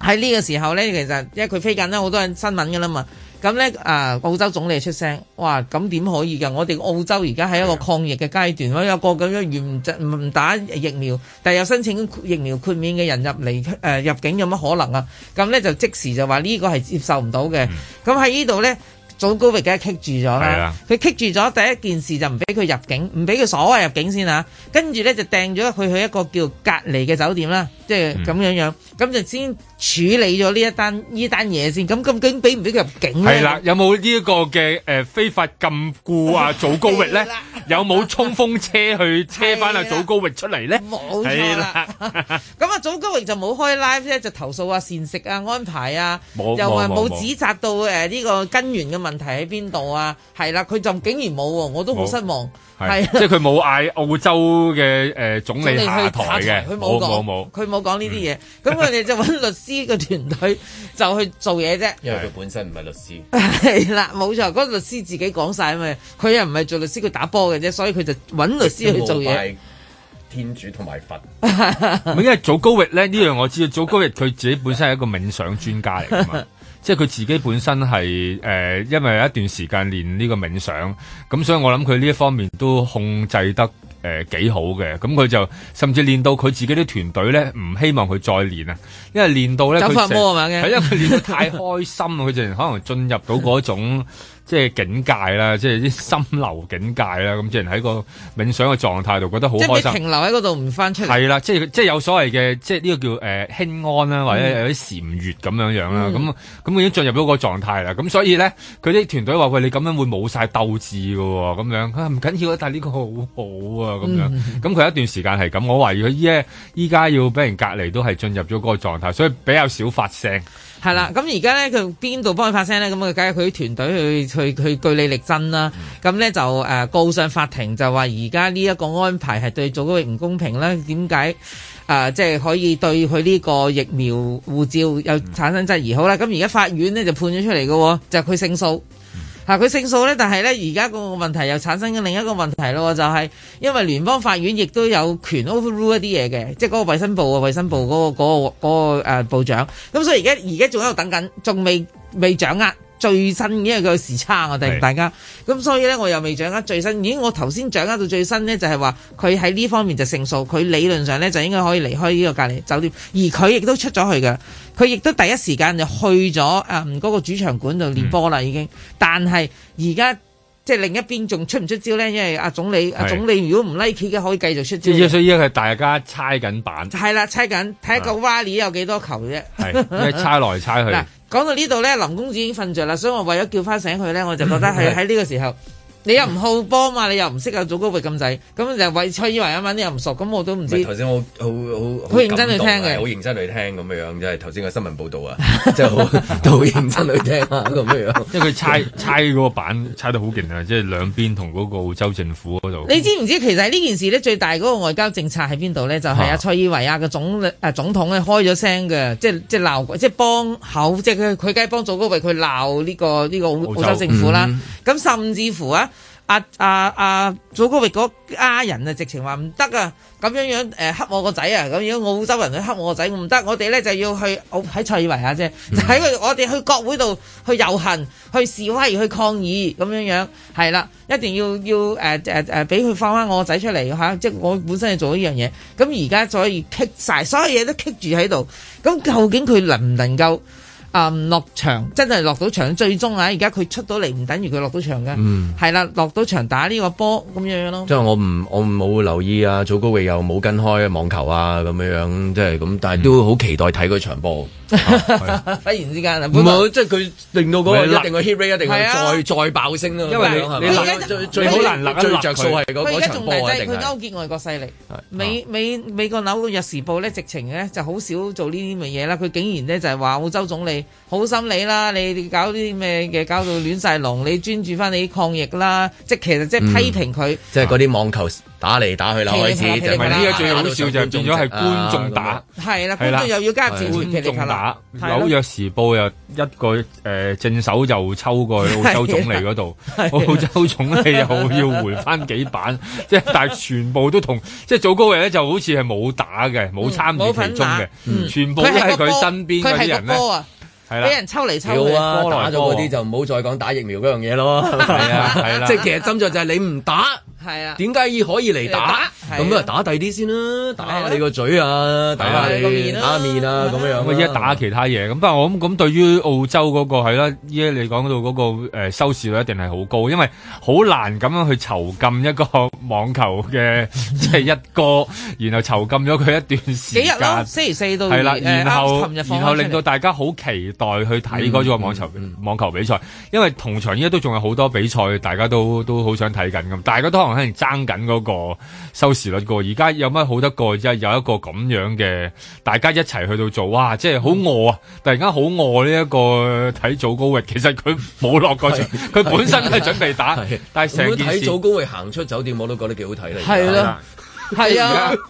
D: 喺呢個時候咧，其實因為佢飛緊啦，好多人新聞嘅啦嘛。咁咧，啊，澳洲總理出聲，哇！咁點可以噶？我哋澳洲而家喺一個抗疫嘅階段，有個咁樣唔唔打疫苗，但又申請疫苗豁免嘅人入嚟誒入境，有乜可能啊？咁咧就即時就話呢個係接受唔到嘅。咁、嗯、喺呢度咧。祖高域梗係棘住咗啦，係啦，佢棘住咗第一件事就唔俾佢入境，唔俾佢所謂入境先啊，跟住咧就掟咗佢去一個叫隔離嘅酒店啦，即係咁樣樣，咁就先處理咗呢一單呢單嘢先。咁究竟俾唔俾佢入境咧？係啦，有冇呢
C: 一個嘅誒非法禁錮啊？祖高域咧，有冇衝鋒車去車返啊？祖高域出嚟咧？冇錯啦。
D: 咁啊，祖高域就冇開 live 啫，就投訴啊、膳食啊、安排啊，又話冇指責到誒呢個根源嘅問。問題喺邊度啊？係啦，佢就竟然冇，我都好失望。係、啊啊、即係
C: 佢冇嗌澳洲嘅誒總理下台嘅，佢冇講，佢
D: 冇講呢啲嘢。咁我哋就揾律師嘅團隊就去做嘢啫。因為佢本身唔係律師。係 [laughs] 啦、啊，冇錯，嗰、嗰個律師自己講晒啊嘛。佢又唔係做律師，佢打波嘅啫，所以佢就揾律師去做嘢。
A: 天主同埋佛，
C: 因 [laughs] [laughs] 為祖高域咧呢樣 [laughs] 我知道， [laughs] 祖高域佢自己本身係一個冥想專家嚟噶嘛。 [laughs] 即係佢自己本身係誒、呃，因為有一段時間練呢個冥想，咁所以我諗佢呢一方面都控制得誒幾、呃、好嘅。咁佢就甚至練到佢自己啲團隊咧，唔希望佢再練啊，因為練到咧佢成係因為佢練得太開心，佢 [laughs] 就可能進入到嗰種。 [laughs] 即係境界啦，即係啲心流境界啦。咁即係喺個冥想嘅狀態度，覺得好開心，停
D: 留喺嗰度唔翻出嚟。係
C: 啦，即係即係有所謂嘅，即係呢個叫誒輕安啦，或者有啲禪悅咁樣樣啦。咁咁佢已經進入咗個狀態啦。咁所以咧，佢啲團隊話：喂，你咁樣會冇晒鬥志㗎喎。咁樣佢唔緊要啊，要但呢個好好啊。咁樣咁佢、嗯、一段時間係咁。我懷疑佢依家依家要俾人隔離，都係進入咗嗰個狀
D: 態，所以比較少發聲。係啦，咁而家咧佢邊度幫佢發聲咧？咁佢梗係佢團隊去去去，去據理力爭啦。咁、嗯、咧就誒、呃、告上法庭，就話而家呢一個安排係對做嗰個唔公平啦。點解誒即係可以對佢呢個疫苗護照又產生質疑？嗯、好啦，咁而家法院咧就判咗出嚟嘅喎，就係佢勝訴。嗱，佢勝訴咧，但係咧，而家個問題又產生緊另一個問題咯，就係因為聯邦法院亦都有權 overrule 一啲嘢嘅，即係嗰個衞生部啊，衛生部嗰個嗰個嗰個誒部長，咁所以而家而家仲喺度等緊，仲未未掌握最新，因為有時差我哋大家，咁所以咧我又未掌握最新。咦，我頭先掌握到最新咧，就係話佢喺呢方面就勝訴，佢理論上咧就應該可以離開呢個隔離酒店，而佢亦都出咗去嘅。佢亦都第一時間就去咗誒嗰個主場館度練波啦，已經。嗯、但係而家即係另一邊仲出唔出招咧？因為阿、啊、總理阿、啊、總理如果唔 like 嘅，可以繼續出招。所以依
C: 家係大家猜緊版。
D: 係啦，猜緊睇一個 Wally 有幾多球啫。係，猜來猜去。嗱，講到呢度咧，林公子已經瞓着啦，所以我為咗叫翻醒佢咧，我就覺得係喺呢個時候。你又唔好波嘛？你又唔識啊？祖高域咁滯，咁就為塞爾維亞嘛？你又唔熟，咁我都唔知。頭先
A: 我好
D: 好好，認真去聽嘅，好
A: 認真去聽咁樣即係頭先個新聞報導啊，就 [laughs] 好是很 [laughs] 認真去聽啊咁樣。因為佢猜 [laughs]
D: 猜
C: 嗰個板猜得好勁啊，即、就、係、是、兩邊同嗰個澳洲政府嗰度。你
D: 知唔知其實呢件事呢最大嗰個外交政策喺邊度呢？就係、是、阿、啊、塞爾維亞、啊、嘅、啊、總誒、啊、總統呢開咗聲嘅，即係即係鬧即係幫口，即係佢佢梗係幫祖高域，佢鬧呢個呢、這個澳，澳，洲澳洲政府啦。咁、嗯、甚至乎啊～啊啊、啊祖高域嗰家人啊，直情話唔得啊，咁樣樣誒，黑我個仔啊，咁如果澳洲人去黑我個仔，唔得，我哋咧就要去喺塞爾維亞啫，就喺我哋去國會度去遊行、去示威、去抗議咁樣樣，係啦，一定要要誒誒誒，俾、啊、佢、啊啊、放翻我個仔出嚟吓、啊，即係我本身係做呢樣嘢，咁而家所以棘晒，所有嘢都棘住喺度，咁、啊、究竟佢能唔能夠？誒落場，真係落到場，最終啊！而家佢出到嚟唔等於佢落到場嘅，係啦，落到場打呢個波咁樣樣咯。即係
A: 我唔我冇留意啊，祖高域又冇跟開網球啊咁樣樣，即係咁，但係都好期待睇嗰場波。
D: 忽然之間，唔係
A: 即係佢令到嗰個一定個 hit rate 一定會再再爆升咯。因為你你最最好難立一立佢。佢而家仲嚟緊，佢而家勾
D: 結外國勢力，美美美國紐約時報咧，直情咧就好少做呢啲咁嘅嘢啦。佢竟然咧就係話澳洲總理。好心理啦，你搞啲咩嘅，搞到亂晒龍，你專注翻你抗疫啦。即係其實即係批評佢，即
A: 係嗰啲網球打嚟打去啦。唔係呢個最好笑就係變咗係觀眾打。
D: 係、啊、啦、那個，觀眾又要加入戰，觀
G: 眾打。紐約
C: 時報又一個誒正手就抽過去澳洲總理嗰度，澳洲總理又要回翻幾板。即係但係全部都同 [laughs] 即係做高位咧，就好似係冇打嘅，冇參與其中嘅、嗯，全部都係佢
D: 身邊啲人咧。嗯係俾人抽嚟抽去，要啊、打咗嗰啲
A: 就唔好再講打疫苗嗰樣嘢咯。係啦、啊， [laughs] 啊啊啊、 [laughs] [laughs] 即係其實針對就係你唔打。係啊，點解要可以嚟打？咁啊，啊，打第啲先啦，打下你個嘴啊，打下你打下面啊，咁、啊啊啊啊、樣、啊，依家、啊啊啊啊啊、
C: 打其他嘢。咁不過我諗咁，對於澳洲嗰個係啦，依家、啊、你講到嗰個誒收視率一定係好高，因為好難咁樣去囚禁一個網球嘅，即係一個， [laughs] 然後囚禁咗佢一段時間，幾日啦，星
A: 期四到係啦、啊，然後然後令到
C: 大家好期待去睇嗰個網球網球比賽，嗯嗯嗯，因為同場依家都仲有好多比賽，大家都都好想睇緊咁，但係佢當。可能爭緊嗰個收視率過，而家有乜好得過？即係有一個咁樣嘅，大家一齊去到做，哇！即係好餓啊！嗯、突然間好餓呢一個睇早高域，其實佢冇落過場，
A: 佢、啊、本身係準備打，啊啊、但係成日都睇早高域行出酒店，我都覺得幾好睇嘅。係咯，
D: 係啊。 [laughs]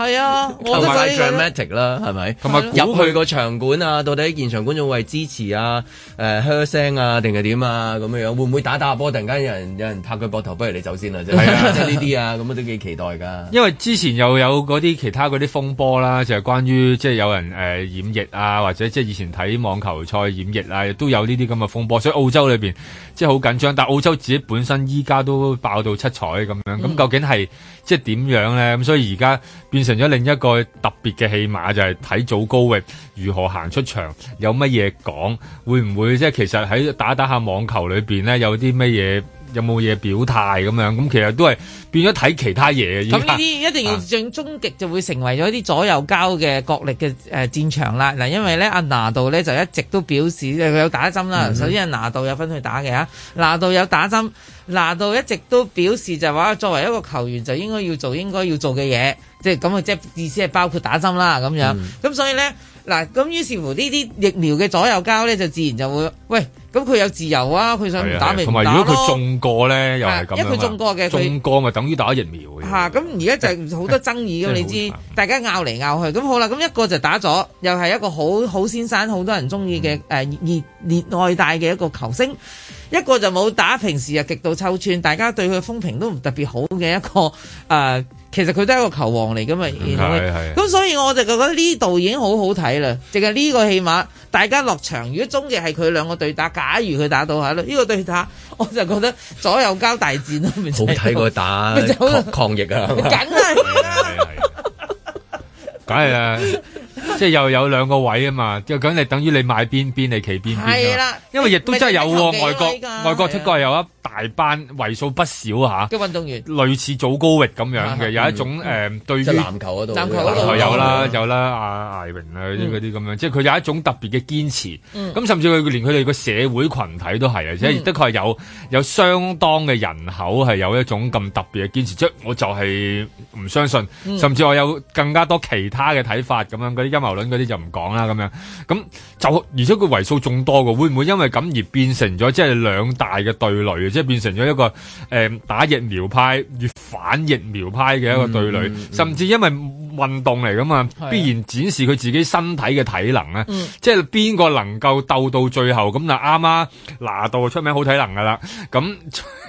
D: 係啊，同埋 dramatic
A: 啦，係咪？同埋入去個場館啊，到底現場觀眾會支持啊？誒、呃，噓聲啊，定係點啊？咁樣樣會唔會打打波？突然間有人有人拍佢膊頭，不如你走先啦，即係即係呢啲啊？咁我、就是啊嗯、都幾期待噶。 [laughs]
C: 因為之前又有嗰啲其他嗰啲風波啦，就係、是、關於即係有人誒、呃、染疫啊，或者即係以前睇網球賽染疫啊，都有呢啲咁嘅風波，所以澳洲裏邊。即係好緊張，但澳洲自己本身依家都爆到七彩咁樣，咁究竟係即係點樣咧？咁所以而家變成咗另一個特別嘅戲碼就係、是、睇祖高域如何行出場，有乜嘢講，會唔會即係其實喺打打下網球裏面咧有啲乜嘢？有冇嘢表態咁樣？咁其實都係變咗睇其他嘢。咁呢啲一定要
D: 最終極就會成為咗一啲左右交嘅角力嘅誒戰場啦。嗱，因為咧阿拿度咧就一直都表示佢有打針啦、嗯。首先阿拿度有分去打嘅啊，拿度有打針，拿度一直都表示就話、是、作為一個球員就應該要做應該要做嘅嘢，即係咁啊，即係意思係包括打針啦咁樣。咁、嗯、所以咧。嗱、啊，咁於是乎呢啲疫苗嘅左右膠咧，就自然就會，喂，咁佢有自由啊，佢想唔打咪唔打咯。同埋如果佢中
C: 過咧，又係咁因一佢中過嘅，中過就等於打疫苗
D: 嘅。咁而家就好多爭議咁、啊，你知、啊、大家拗嚟拗去，咁好啦，咁一個就打咗，又係一個好好先生，好多人鍾意嘅誒熱熱愛戴嘅一個球星，一個就冇打，平時又極度臭串，大家對佢風評都唔特別好嘅一個誒。呃其實佢都係一個球王嚟噶嘛，咁所以我就覺得呢度已經好好睇啦。淨係呢個起碼大家落場。如果終極係佢兩個對打，假如佢打到下啦呢個對打，我就覺得左右交大戰咯。好睇過打就抗，抗，抗疫啊！梗係啦，
C: 梗係啦，即係又有兩個位啊嘛，就梗你等於你買邊邊你企邊邊。係啦，因為亦都真係有、啊、外國外國出過有啊。大班為數不少嚇，即運動員類似祖高域咁樣嘅，有一種誒對於籃球嗰度，籃球有啦、嗯、有啦，阿艾榮啊嗰啲嗰啲咁樣，即係佢有一種特別嘅堅持。嗯，咁甚至佢連佢哋個社會群體都係啊、嗯，即係的確係有有相當嘅人口係有一種咁特別嘅堅持。即我就係唔相信、嗯，甚至我有更加多其他嘅睇法咁樣，嗰啲陰謀論嗰啲就唔講啦咁樣。咁就而且佢為數眾多嘅，會唔會因為咁而變成咗即係兩大嘅對壘啊？即係變成咗一個誒、呃、打疫苗派與反疫苗派嘅一個對壘、嗯嗯嗯，甚至因為運動嚟噶嘛，必然展示佢自己身體嘅體能咧、嗯。即係邊個能夠鬥到最後咁嗱，啱啊，拿到出名好體能噶啦。咁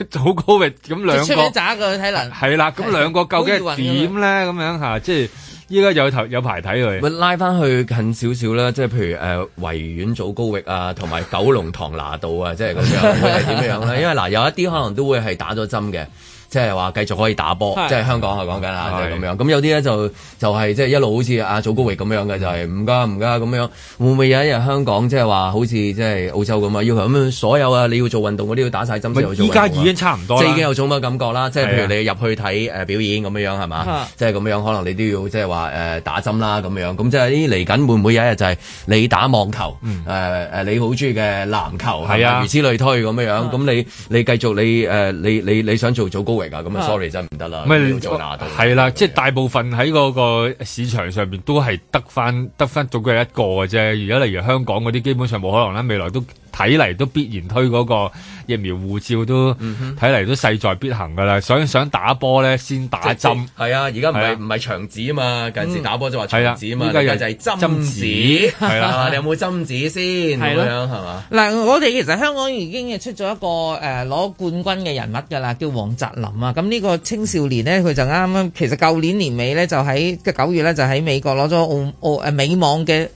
C: 祖高域，咁兩個出名
D: 渣個體能係
C: 啦。咁兩個究
D: 竟點
A: 咧？咁 [laughs] 樣吓，即係。依家有頭有排睇佢，拉翻去近少少啦，即係譬如誒維園祖高域啊，同埋九龍塘拿道啊，即係咁樣會係點樣咧？因為嗱，有一啲可能都會係打咗針嘅。即係話繼續可以打波，即係香港係講緊啦，就係、是、咁樣。咁有啲咧就就係即係一路好似阿祖高域咁樣嘅，就係唔該唔該咁樣。會唔會有一日香港即係話好似即係澳洲咁啊？要求咁樣所有啊，你要做運動嗰啲要打晒針先有。依家已經差唔多，即已經有種咁嘅感覺啦。即係譬如你入去睇誒表演咁、就是、樣樣係嘛？即係咁樣可能你都要即係話誒打針啦咁樣。咁即係啲嚟緊會唔會有一日就係你打網球誒誒、嗯呃，你好中意嘅籃球係啊，如此類推咁樣。咁你你繼續你誒、呃、你你，你想做祖高域？㗎咁啊，sorry、嗯、真係唔得啦，你要做亞
G: 洲
C: 係啦，即係、就是、大部分喺嗰個市場上邊都係得翻得翻總計一個嘅啫。而家例如香港嗰啲，基本上冇可能啦，未來都。睇嚟都必然推嗰個疫苗護照都睇嚟、嗯、都勢在必行噶啦，想想打波咧先打針。
A: 係啊，而家唔係唔係場紙啊嘛，近時打波就話場紙啊嘛，而家就係針紙。係啊,啊，你有冇針紙先咁樣係
D: 嘛？嗱、啊啊，我哋其實香港已經出咗一個誒攞、呃、冠軍嘅人物噶啦，叫黃澤林啊。咁呢個青少年呢，佢就啱啱其實舊年年尾呢，就喺九月呢，就喺美國攞咗澳澳美網嘅。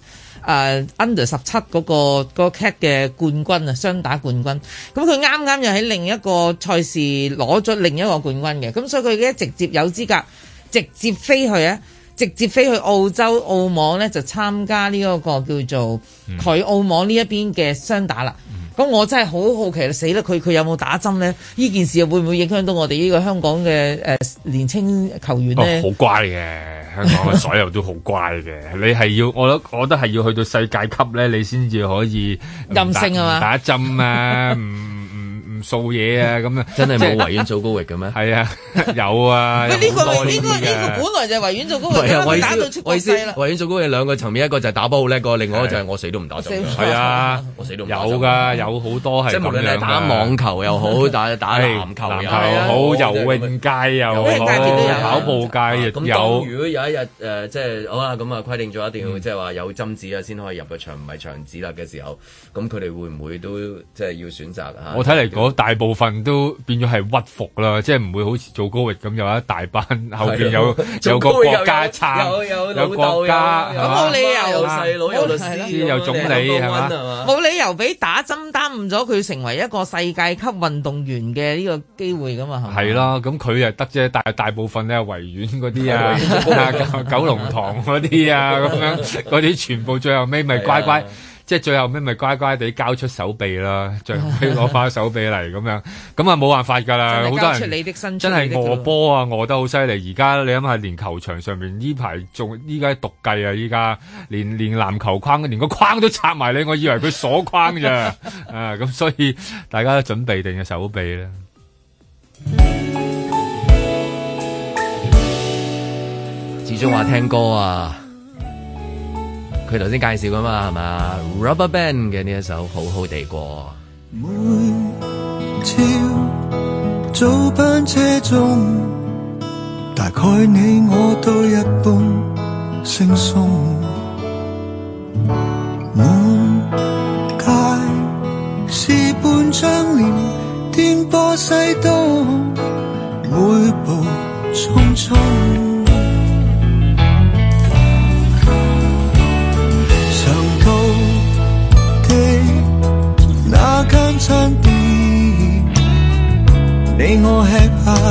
D: 誒、uh, under 十七嗰個個 cat 嘅冠軍啊，雙打冠軍，咁佢啱啱又喺另一個賽事攞咗另一個冠軍嘅，咁所以佢而家直接有資格直接飛去啊，直接飛去澳洲澳網咧就參加呢一個叫做佢澳網呢一邊嘅雙打啦。嗯咁我真係好好奇死啦！佢佢有冇打針咧？呢件事又會唔會影響到我哋呢個香港嘅、呃、年青球員咧？好、
C: 哦、乖嘅，香港嘅所有都好乖嘅。 [laughs] 你係要，我覺得，我覺得係要去到世界級咧，你先至可以任性啊嘛！打針啊！嗯 [laughs]
A: 唔掃嘢啊咁啊，真係冇維園做高域嘅咩？係 [laughs] 啊，有啊。喂，呢、這個呢、這個
D: 呢、這個本來就係維園做高域嘅，打到出國際啦。
A: 維園做高域兩個層面，一個就係打波好叻個，另外一個就係我死都唔打。係啊，我死都唔打㗎，有好多係。即係無論你打網球又好，但打，打，打籃球又好，游泳界又好，跑步界又、啊呃呃呃嗯就是，有！如果有一日誒，即係好啦，咁啊規定咗一定要即係話有針紙啊，先可以入個場，唔係場子啦嘅時候，咁佢哋會唔會都即係、就是、要選擇嚇？我睇嚟講
C: 大部分都變咗係屈服啦，即係唔會好似做高域咁，有一大班後邊有有，有個國家撐，有國家咁冇理由有細佬，有律師，有總理，係嘛？冇
D: 理由俾打針耽誤咗佢成為一個世界級運動員嘅呢個機會噶嘛？係
C: 咯，咁佢又得啫，但係大部分咧係維園嗰啲啊、九龍塘嗰啲啊，咁樣嗰啲全部最後尾咪乖乖。即係最後尾咪乖乖地交出手臂啦，最攞翻手臂嚟咁 [laughs] 樣，咁啊冇辦法噶啦，好多
D: 人真係餓波
C: 啊，餓、呃、得好犀利。而家你諗下，連球場上面呢排仲依家毒計啊，依家連連籃球框，連個框都拆埋你，我以為佢鎖框咋？ [laughs] 啊咁，所以大家都準
A: 備定嘅手臂啦 [laughs] 始終話聽歌啊。佢頭先介紹㗎嘛，係嘛？RubberBand 嘅呢一首好好地過。
G: 每
F: 朝早班車中，大概你我都一般惺忪。滿街是半張臉，顛簸西東。每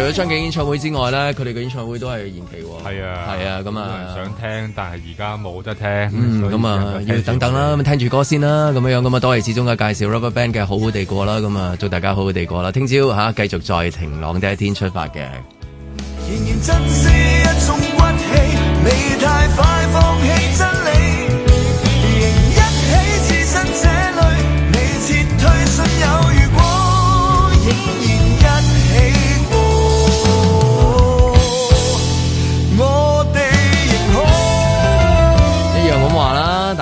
A: 除咗張敬演唱會之外咧，佢哋嘅演唱會都係延期。係啊，係啊，咁、嗯、啊，想聽但係而家冇得聽。咁、嗯、啊，要等等啦，咁聽住歌先啦，咁樣樣咁啊，多謝始終嘅介紹 RubberBand 嘅好好地過啦，咁啊，祝大家好好地過啦。聽朝吓，繼續再晴朗的一天出發嘅。
F: 仍然真是一種你太快放棄